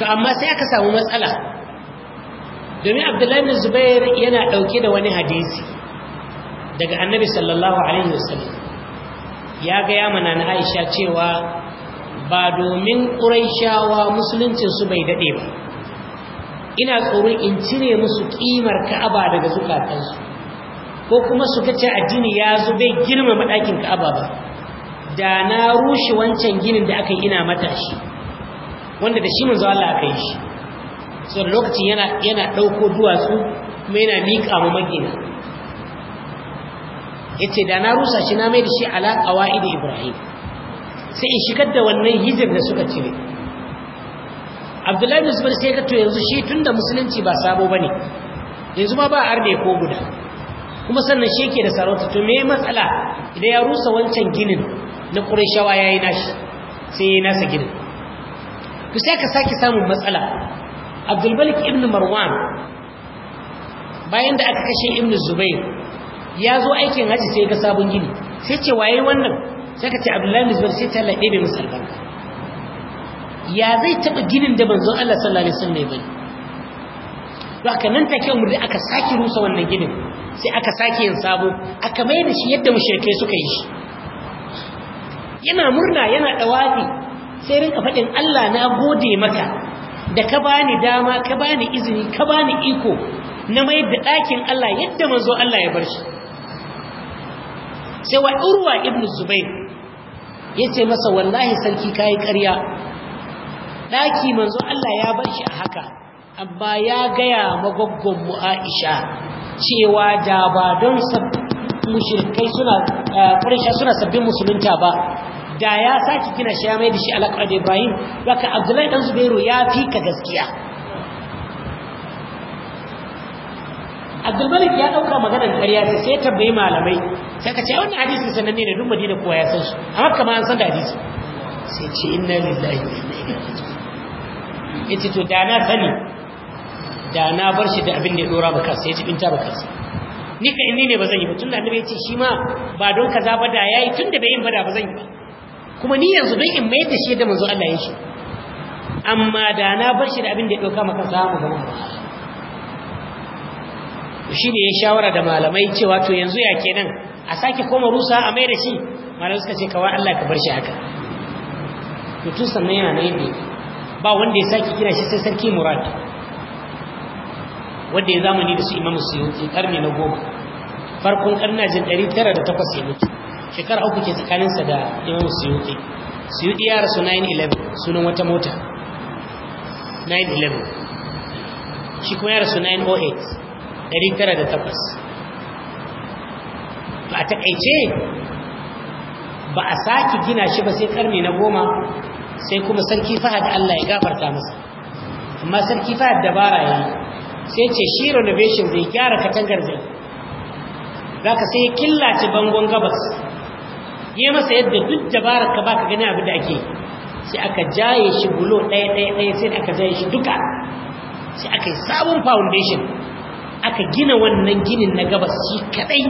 Ka to amma sai aka samu matsala domin abdullahi bin zubairu yana ɗauke da wani hadisi daga annabi sallallahu alaihi wasallam ya ga ya mana na aisha cewa ba domin ƙuraishawa musuluncinsu bai daɗe ba ina tsoron in cire musu kimar ka'aba daga zukatansu ko kuma su kace addini ya zo bai girmama ɗakin ka'aba ba da na rushe wancan ginin da aka yi ina matashi wanda da shi manzo Allah aka yi shi so lokacin yana yana dauko duwatsu kuma yana mika mu magina yace da na rusa shi na mai da shi ala wa'idi ibrahim sai in shigar da wannan hijir da suka cire abdullahi bin zubair sai ka to yanzu shi tunda musulunci ba sabo bane yanzu ma ba arde ko guda kuma sannan shi yake da sarauta to me matsala idan ya rusa wancan ginin na qurayshawa yayi nashi sai yayi nasa ginin to sai ka saki samun matsala abdul malik ibn marwan bayan da aka kashe ibn zubair ya zo aikin haji sai ga sabon gini sai ce waye wannan sai ka ce abdullahi bin zubair sai ta laɗe bai musulmanka ya zai taɓa ginin da banzan Allah sallallahu alaihi wasallam bane Ba haka nan take umar aka sake rusa wannan ginin sai aka sake yin sabo aka mai da shi yadda mushrikai suka yi shi yana murna yana dawafi sai rinka faɗin Allah na gode maka da ka bani dama ka bani izini ka bani iko na mai da ɗakin Allah yadda manzo Allah ya bar shi sai wa urwa ibnu zubair ya ce masa wallahi sarki kai ƙarya daki manzo Allah ya bar shi a haka amma ya gaya magoggon mu Aisha cewa da ba don mushrikai suna ƙarshe eh, suna sabbin musulunta ba da ya saki kina shi ya mai da shi alaƙar da Ibrahim baka Abdullahi dan Zubairu ya fi ka gaskiya Abdulmalik ya dauka maganar ƙarya sai sai tabbai malamai sai ka ce wannan hadisi sananne ne duk Madina kowa ya san shi amma kamar an san da hadisi sai ce inna lillahi wa inna ilaihi raji'un ita to da na sani da na bar shi da abin da ya dora ba kansa ci binta ba kansa ni kai inni ne ba zan yi ba tunda annabi ce shi ma ba don kaza ba da yayi tunda bai yin bada ba zan yi ba kuma ni yanzu don in mai da shi da manzo Allah ya shi amma da na bar shi da abin da ya dauka maka samu ga mun shi ne ya shawara da malamai cewa to yanzu ya kenan a sake koma rusa a mai da shi malamai suka ce kawai Allah ka bar shi haka to tun sannan yana nan yadda ba wanda ya sake kira shi sai sarki murad wanda ya zamani da su imam suyuti karni na goma farkon karna jin 1908 ya mutu shekara uku ke tsakaninsa da imam Su suyuti ya rasu 911 sunan wata mota 911 shi kuma ya rasu 908 Ba a taƙaice ba a sake gina shi ba sai karni na goma sai kuma sarki fahad Allah ya gafarta masa amma sarki fahad dabara ya sai ce shi renovation zai gyara katangar zai za ka sai killace bangon gabas yi masa yadda duk dabarar ka baka gani abu da ake sai aka jaye shi bulo ɗaya ɗaya ɗaya sai aka jaye shi duka sai aka yi sabon foundation aka gina wannan ginin na gabas shi kaɗai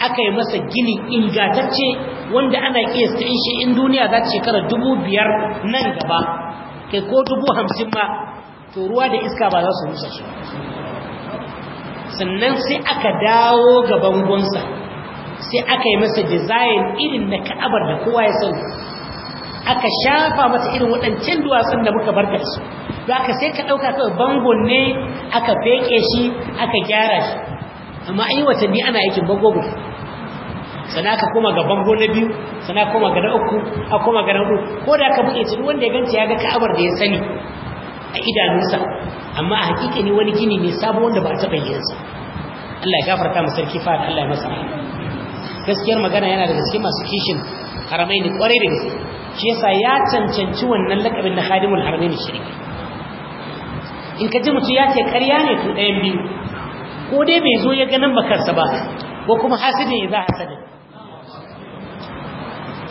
aka yi masa gini ingatacce wanda ana iya in shi in duniya za ta shekara dubu biyar nan gaba kai ko dubu hamsin ma to ruwa da iska ba za su rusa shi sannan sai aka dawo ga bangonsa sai aka yi masa dizayin irin na ka'abar da kowa ya sani aka shafa masa irin waɗancan duwatsun da muka barka su to aka sai ka ɗauka kawai bangon ne aka feƙe shi aka gyara shi amma an yi watanni ana aikin bangon sana ka koma ga bango na biyu sana koma ga na uku a koma ga na uku ko da ka buɗe cikin wanda ya ganta ya ga ka'abar da ya sani a idanunsa amma a hakika ne wani gini ne sabo wanda ba a taɓa Allah ya gafarta mu sarki fa Allah ya masa gaskiyar magana yana da gaske masu kishin haramai ne kwarai da gaske shi yasa ya cancanci wannan lakabin na khadimul haramain shirki in ka ji mutum ya ce ƙarya ne to ɗayan biyu ko dai bai zo ya ganin bakarsa ba ko kuma hasidin ya za hasadin da ya za a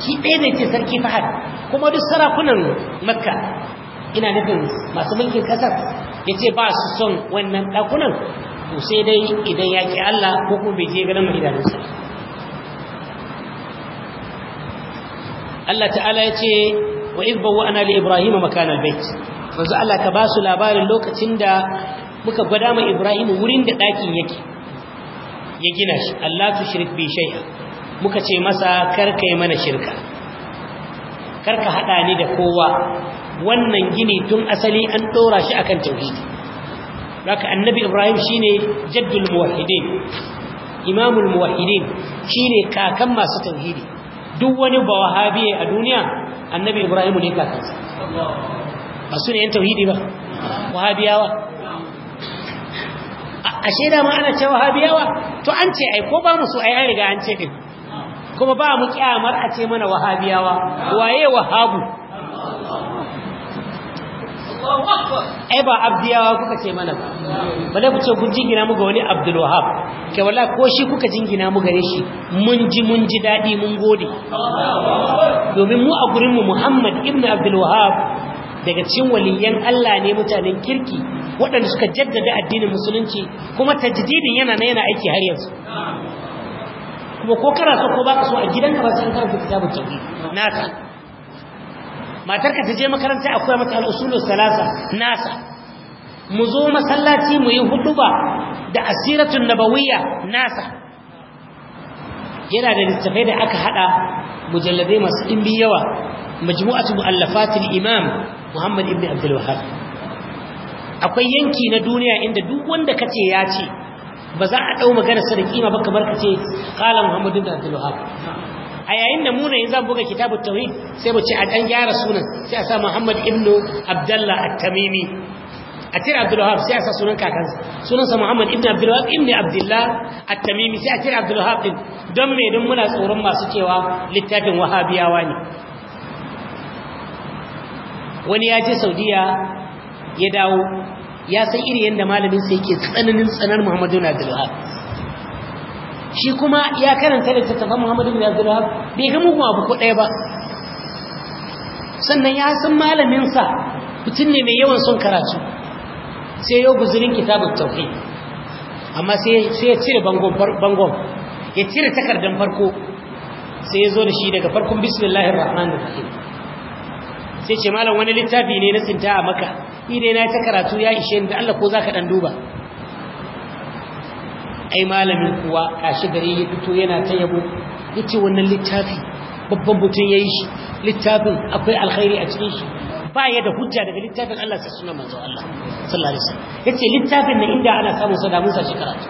shi ɗaya da ce sarki fahad kuma duk sarakunan makka ina nufin masu mulkin kasar ya ce ba su son wannan ɗakunan to sai dai idan ya ƙi Allah ko kuma bai je ganin mai idanunsa Allah ta'ala ya ce wa izbawa ana li ibrahim makanan bait manzo Allah ka ba su labarin lokacin da muka gwada ma ibrahim wurin da ɗakin yake ya gina shi Allah tu shirk bi shay'a muka ce masa yi mana shirka karka hada ni da kowa wannan gini tun asali an dora shi akan tauhidi haka annabi ibrahim shine jaddul muwahhidin imamul muwahhidin shine kakan masu tauhidi duk wani bawahabi a duniya annabi ibrahim ne kakansa ba su ne yan tauhidi ba wahabiyawa ashe da ma ana ce wahabiyawa to an ce ai ko ba mu so ai an riga an ce din kuma ba mu kyamar a ce mana wahabiyawa waye wahabu ai ba abdiyawa kuka ce mana ba ba ku ce kun jingina mu ga wani abdul wahab ke ko shi kuka jingina mu gare shi mun ji mun ji dadi mun gode domin mu a gurin mu muhammad ibn abdul wahab daga cikin waliyan Allah ne mutanen kirki waɗanda suka jaddada addinin musulunci kuma tajdidin yana na yana aiki har yanzu kuma ko kana so ko baka so a gidanka ba sai an karanta kitabun tauhid nasa matarka ta je makaranta akwai mata al-usulus salasa nasa mu zo masallaci mu yi hutuba da asiratun nabawiyya nasa yana da littafai da aka hada mujalladai masu dimbi yawa majmu'atu mu'allafatil imam Muhammad ibn Abdul Wahhab akwai yanki na duniya inda duk wanda kace ya ce ba za a dau magana sa da kima ba kamar ka ce qala muhammadu bin Abdullahi. a yayin da mu ne zan buga kitabut tauhid sai mu ce a dan gyara sunan sai a sa muhammad ibnu Abdullahi at-tamimi a tira Abdullahi wahhab sai a sa sunan kakansa Sunan sunansa muhammad ibnu Abdullahi ibnu abdullah at-tamimi sai a tira Abdullahi wahhab don me don muna tsoron masu cewa littafin wahabiyawa ne wani ya je saudiya ya dawo ya san iri yadda malamin sa yake tsananin tsanar Muhammadu na Abdulwahab shi kuma ya karanta da tattafan Muhammadu na Abdulwahab bai ga mugun abu ko ba sannan ya san malamin sa mutum ne mai yawan son karatu sai yau guzurin kitabut tauhid amma sai ya cire bangon bangon ya cire takardan farko sai ya zo da shi daga farkon bismillahir rahmanir rahim sai ce malam wani littafi ne na tsinta a maka ni dai na ta karatu ya ishe ni da Allah ko zaka dan duba ai malamin kuwa kashi gare ya fito yana ta yabo yace wannan littafi babban mutum yayi shi littafin akwai alkhairi a cikin shi ba ya da hujja daga littafin Allah sai sunan manzo Allah sallallahu alaihi wasallam yace littafin nan inda ana samu sa da Musa shi karatu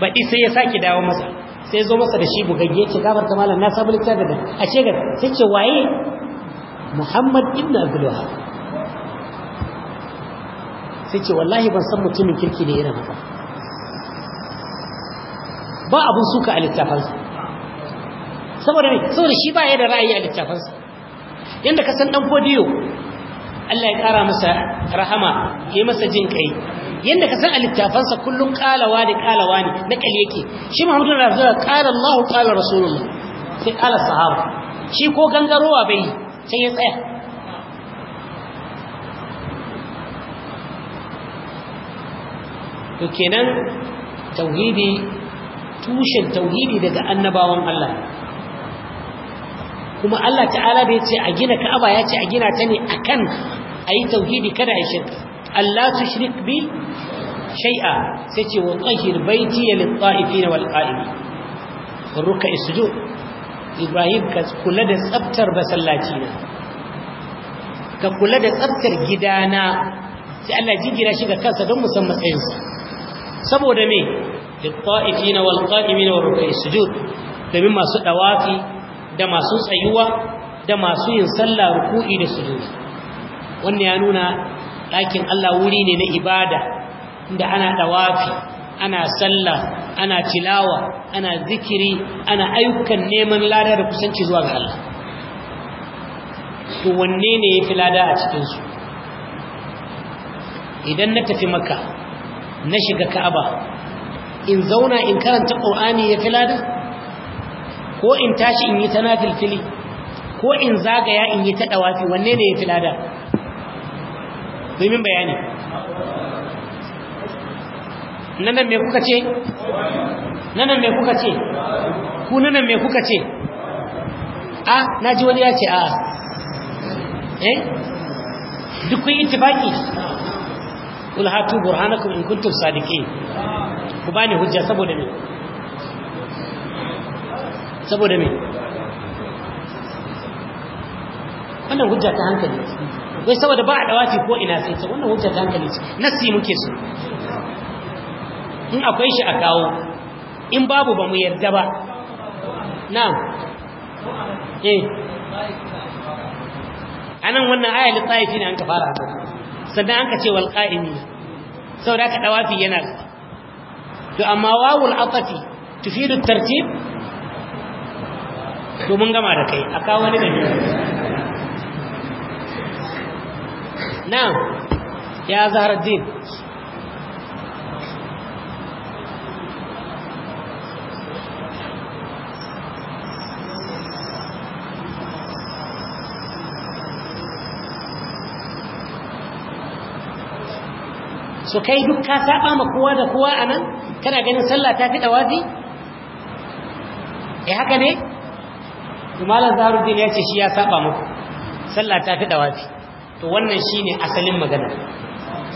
baɗi sai ya saki dawo masa sai zo masa da shi bugagge ce gabar ta malam na sabu littafin da a ce ga sai ce waye muhammad ibn abdul sai ce wallahi ban san mutumin kirki ne irin haka ba abun suka a littafansa saboda ne saboda shi ba ya da ra'ayi a littafansa yadda ka san dan fodiyo Allah ya ƙara masa rahama ya yi masa jin kai yadda ka san a littafansa kullum ƙalawa da ƙalawa ne na kali yake shi Muhammadu na Rasulullah kala Allah kala Rasulullah sai kala sahaba shi ko gangarowa bai yi. sai ya tsaya to kenan tauhidi tushen tauhidi daga annabawan Allah kuma Allah ta'ala bai ce a gina ka'aba ya ce a gina ta ne akan ayi tauhidi kada a shirka Allah shirk bi shai'a sai ce wa tahir baiti lil ta'ifin wal qa'imin ruka isjud ibrahim ka kula da tsaftar masallaci na ka kula da tsaftar gidana sai Allah jigira shi ga kansa don matsayin sa saboda me liqa'ifina wal qa'imina wa ruk'i sujud domin masu dawafi da masu tsayuwa da masu yin sallah ruku'i da sujud wannan ya nuna ɗakin Allah wuri ne na ibada inda ana dawafi ana sallah ana tilawa ana zikiri ana ayyukan neman lada da kusanci zuwa ga Allah to wanne ne ya fi lada a cikin su idan na tafi makka na shiga ka'aba in zauna in karanta qur'ani fi lada ko in tashi in yi ta nafilfili ko in zagaya in yi ta dawafi wanne ne fi lada domin bayani nanan me kuka ce nanan me kuka ce ku nanan me kuka ce a naji wani ya ce a eh duk kun ittifaki kul hatu burhanakum in kuntum sadiqin ku bani hujja saboda me saboda me wannan hujja ta hankali wai saboda ba a dawaci ko ina sai wannan hujja ta hankali nasi muke so in akwai shi a kawo in babu ba mu yarda ba na eh anan wannan aya lissafi ne an ka fara ta sannan an ka ce wal qa'imi saboda ka dawafi yana to amma wawul atfi tufidu tartib to mun gama da kai a kawo wani da na ya zahar din so kai duk ka saba ma kowa da kowa anan kana ganin sallah ta fi dawazi eh haka ne malam zaruddin ya ce shi ya saba muku sallah ta fi dawazi to wannan shine asalin magana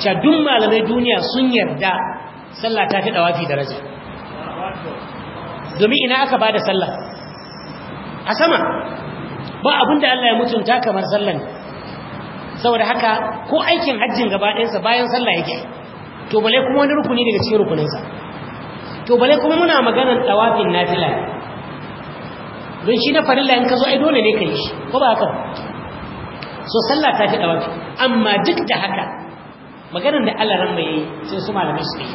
cha duk malamai duniya sun yarda sallah ta fi dawafi daraja domin ina aka bada sallah a sama ba abinda Allah ya mutunta kamar sallan saboda haka ko aikin hajjin gaba ɗayansa bayan sallah yake to bale kuma wani rukuni daga cikin rukuninsa to bale kuma muna maganar tawafin nafila don shi na farilla in ka zo ai dole ne ka yi shi ko ba haka so sallah ta fi tawafi amma duk da haka maganar da Allah ran mai sai su malamai su yi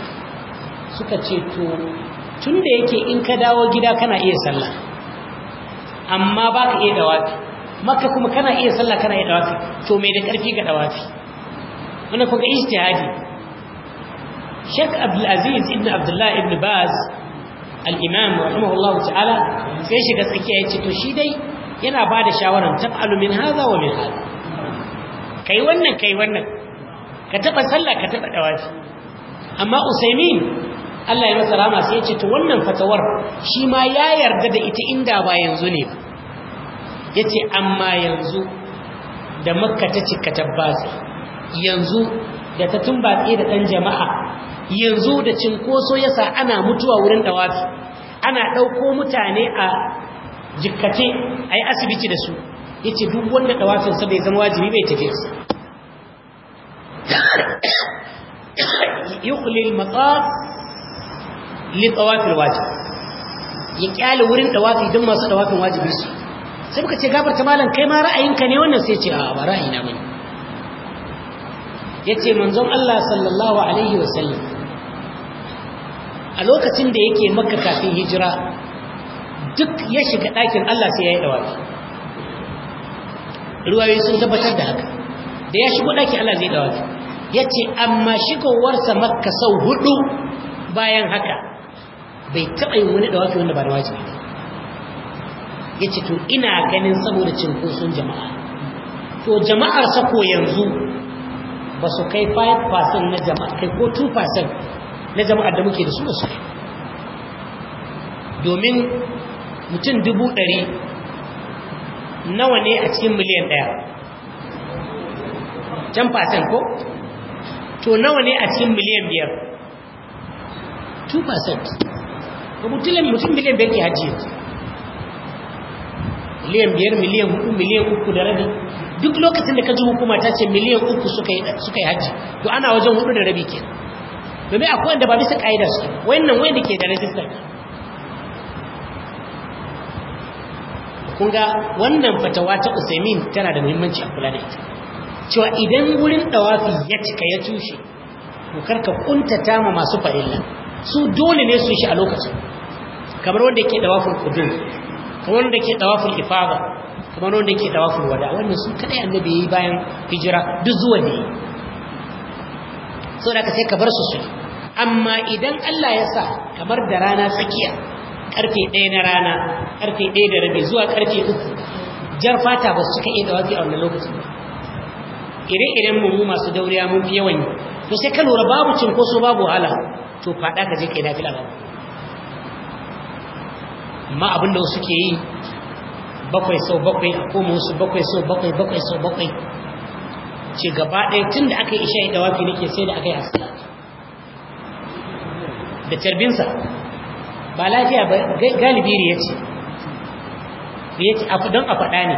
suka ce to tun da yake in ka dawo gida kana iya sallah amma ba ka iya tawafi maka kuma kana iya sallah kana iya tawafi to mai da ƙarfi ga tawafi wannan kuka ijtihadi Sheikh Abdulaziz ibn Abdullah ibn Baz al-Imam rahimahullahu ta'ala sai shiga tsakiya yace to shi dai yana bada shawaran taf'alu min hadha wa min hadha kai wannan kai wannan ka taba sallah ka taba dawaci amma Usaimin Allah ya masa rama sai yace to wannan fatawar shi ma ya yarda da ita inda ba yanzu ne yace amma yanzu da Makka ta cika tabbasi yanzu da ta tumbatse da dan jama'a yanzu da cinkoso yasa ana mutuwa wurin dawafi ana ɗauko mutane a jikkate a yi asibiti da su yace duk wanda sa bai zama wajibi bai tafiya su li tawaf al-wajib ya kyale wurin dawafi don masu dawafin wajibi su sai muka ce gafarta malam kai ma ra'ayinka ne wannan sai ce a ba ra'ayina bane yace manzon Allah sallallahu alaihi wasallam a lokacin da yake maka kafin hijira duk ya shiga ɗakin Allah sai ya yi ɗawafi ruwayoyi sun tabbatar da haka da ya shigo ɗakin Allah zai ɗawafi ya ce amma shigowarsa makka sau hudu bayan haka bai taɓa yi wani ɗawafi wanda ba da wajibi ne. ya ce to ina ganin saboda cinkoson jama'a to jama'ar sako yanzu ba su kai 5% na jama'a kai ko 2% na jama'ar da muke da su da su domin mutum dubu ɗari nawa ne a cikin miliyan ɗaya can fasen ko to nawa ne a cikin miliyan biyar 2% ga mutum miliyan biyar ke hajji miliyan biyar miliyan hudu miliyan uku da rabi duk lokacin da ka ji hukuma ta ce miliyan uku suka yi hajji to ana wajen hudu da rabi kenan domin akwai wanda ba bisa ka'idar su wannan wanda ke da rajistar Kunga wannan fatawa ta usaimin tana da muhimmanci a kula da ita cewa idan wurin dawafi ya cika ya tushe to karka ta ma masu fa'ila su dole ne su shi a lokacin kamar wanda ke dawafin kudin kamar wanda ke dawafin ifaba kamar wanda ke dawafin wada wannan su kadai annabi yayi bayan hijira duk zuwa ne so da ka sai ka bar su su amma idan Allah ya sa kamar da rana tsakiya karfe 1 na rana karfe 1 da rabi zuwa karfe 3 jar fata ba su cika iya dawafi a wannan lokacin ba ire-iren mu masu dauriya mun fi yawan yi to sai ka lura babu cinkoso babu wahala to fada ka je kai nafila babu amma abin da wasu ke yi bakwai sau bakwai a koma wasu bakwai sau bakwai bakwai sau bakwai ce gaba ɗaya tun da aka yi isha ya dawafi nake sai da aka yi asali. da carbinsa ba lafiya ba galibi ya ce ya ce don a faɗa ne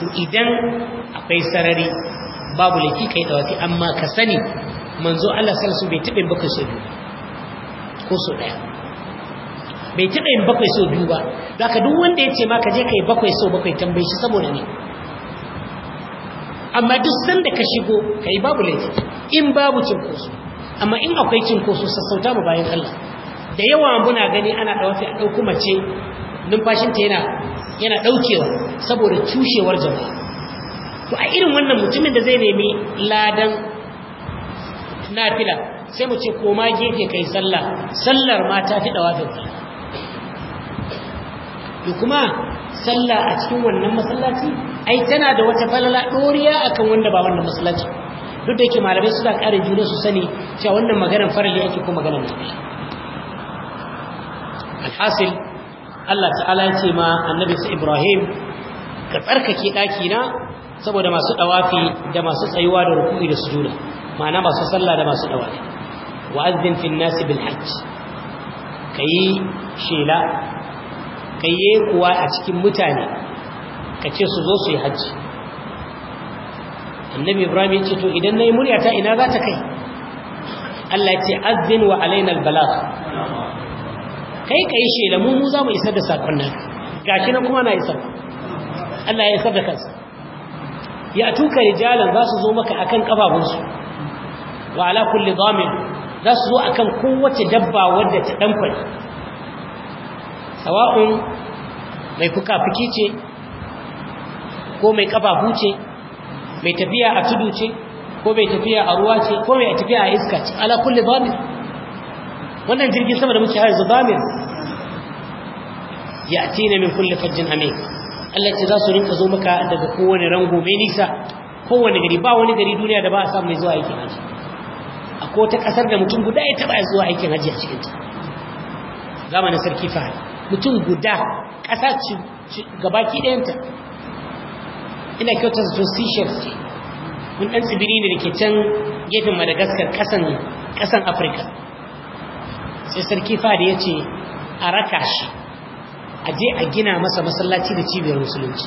to idan akwai sarari babu laifi kai dawaki amma ka sani manzo Allah sallallahu alaihi bai taɓa yin bakwai so biyu ko so ɗaya bai taɓa yin bakwai so biyu ba zaka duk wanda ya ce ma ka je kai bakwai so bakwai tambaye shi saboda ne amma duk sanda ka shigo kai yi babu laifi in babu cinkoso amma in akwai cinkoso sassauta mu bayan Allah da yawa muna gani ana ɗawafi a ɗauku mace numfashinta yana yana daukewa saboda cushewar jama'a to a irin wannan mutumin da zai nemi ladan nafila sai mu ce koma gefe kai sallah sallar mata fi ɗawafin kuma sallah a cikin wannan masallaci ai tana da wata falala doriya akan wanda ba wannan masallaci duk da yake malamai suna ƙarin juna su sani cewa wannan maganar farali ake ko maganar nabi alhasil Allah ta'ala ya ce ma annabi sa Ibrahim ka tsarkake daki na saboda masu dawafi da masu tsayuwa da ruku'i da sujuda ma'ana masu sallah da masu dawafi wa'azzin fil nasi bil hajj kai shela kai kuwa a cikin mutane ka ce su zo su yi hajji annabi ibrahim ya ce to idan na yi muryata ina za ta kai allah ya ce azin wa alainal balagh kai ka yi shela mu za mu isar da saƙon nan gashi na kuma na isar allah ya isar da kansa ya tuka rijalan za su zo maka akan kafafunsu wa ala kulli dhamin za su zo a kan kowace dabba wadda ta dankwai sawa'un mai fuka fiki ce ko mai kafafu ce mai tafiya a tudu ce ko mai tafiya a ruwa ce ko mai tafiya a iska ce ala kulli dhamir wannan jirgin sama da muke ya ce yatina min kulli fajjin amin Allah ce za su rinka zo maka daga kowane rango mai nisa kowane gari ba wani gari duniya da ba a samu mai zuwa aikin haji ko ta kasar da mutum guda ya taba zuwa aikin haji a cikin ta zamanin sarki fahad mutum guda ƙasa gabaki ɗayanta ina kyauta su seychelles ce mun ɗan tsibiri ne da ke can gefen madagascar ƙasan afirka sai sarki fadi ya ce a raka shi a je a gina masa masallaci da cibiyar musulunci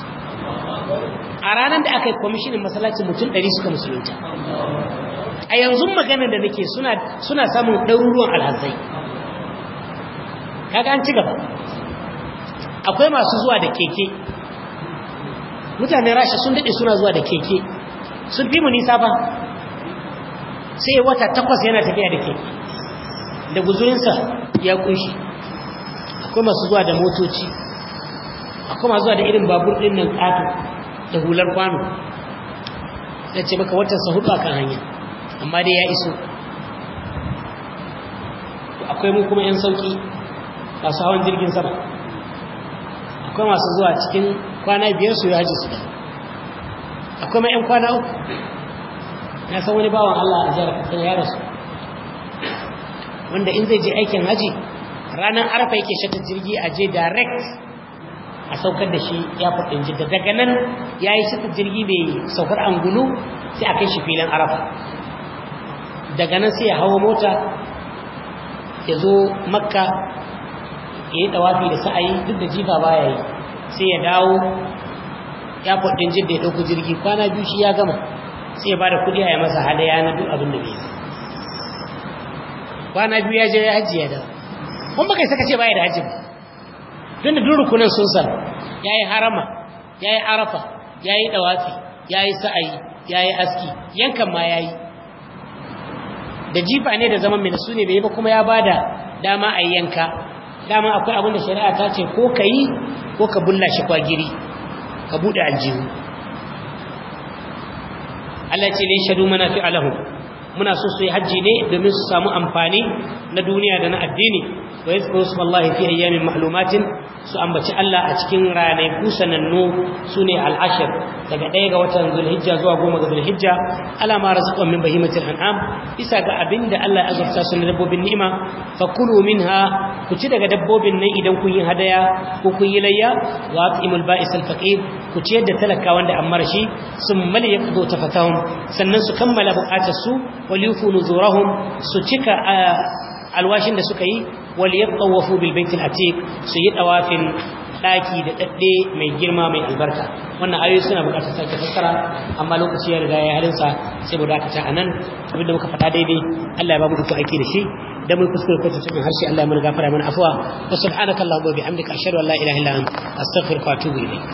a ranar da aka yi kwamishinin masallacin mutum ɗari suka musulunta a yanzu magana da nake suna samun ɗaruruwan alhazai kaga an ci gaba akwai masu zuwa da keke mutanen rasha sun daɗe suna zuwa da keke sun fi mu nisa ba sai wata takwas yana tafiya da keke da guzurinsa ya kunshi akwai masu zuwa da motoci akwai masu zuwa da irin babur ɗin nan ƙato da hular kwano da ce maka watan sa hudu kan hanya amma dai ya iso akwai mu kuma 'yan sauki masu hawan jirgin sama akwai masu zuwa cikin kwana biyar su yaji su akwai 'yan kwana uku na san wani bawan Allah a zara ya rasu wanda in zai je aikin haji ranar arfa yake shata jirgi a je direct a saukar da shi ya faɗin jidda daga nan ya yi shata jirgi mai saukar angulu sai a kai shi filin arafa daga nan sai ya hawa mota ya zo makka ya yi ɗawafi da sa'ayi duk da jifa baya yi sai ya dawo ya kudin jidda ya dauko jirgi kwana biyu shi ya gama sai ya bada kudi ya masa hadaya na duk abin da bai kwana biyu ya je ya haji ya dawo kun baka saka ce baya da haji ba tun da kunan sun san yayi harama yayi arafa yayi dawafi yayi sa'ayi yayi aski yankan ma yayi da jifa ne da zaman mai su ne bai ba kuma ya bada dama a yanka dama akwai abin da shari'a ta ce ko ka yi ko ka bulla shi kwagiri ka buɗe aljihu Allah ce ne shadu mana fi alahu muna so su yi hajji ne domin su samu amfani na duniya da na addini wa yadda su wallahi fi ayyamin mahlumatin su ambaci Allah a cikin ranai kusanannu su ne al'ashir daga ɗaya ga watan zulhijja zuwa goma ga zulhijja alama rasu min bahimatin an'am Isa ga abin da Allah ya azurta su na dabbobin ni'ima fa kulu minha ku ci daga dabbobin nan idan kun yi hadaya ko kun yi layya wa atimul ba'is al faqir ku ci yadda talakawan da an marashi sun mali yaqdu tafatahum sannan su kammala bukatar su waliyufu nuzurahum su cika alwashin da suka yi waliyatawafu bil baitil atiq su yi tawafin daki da dadde mai girma mai albarka wannan ayoyi suna bukatar sake fassara amma lokaci ya riga ya halinsa saboda aka a nan abin da muka fada daidai Allah ya ba mu duka aiki da shi da mun kuskure ko cikin harshe Allah ya mana gafara mana afwa wa subhanakallahumma wa bihamdika ashhadu an la ilaha illa anta astaghfiruka wa atubu ilayk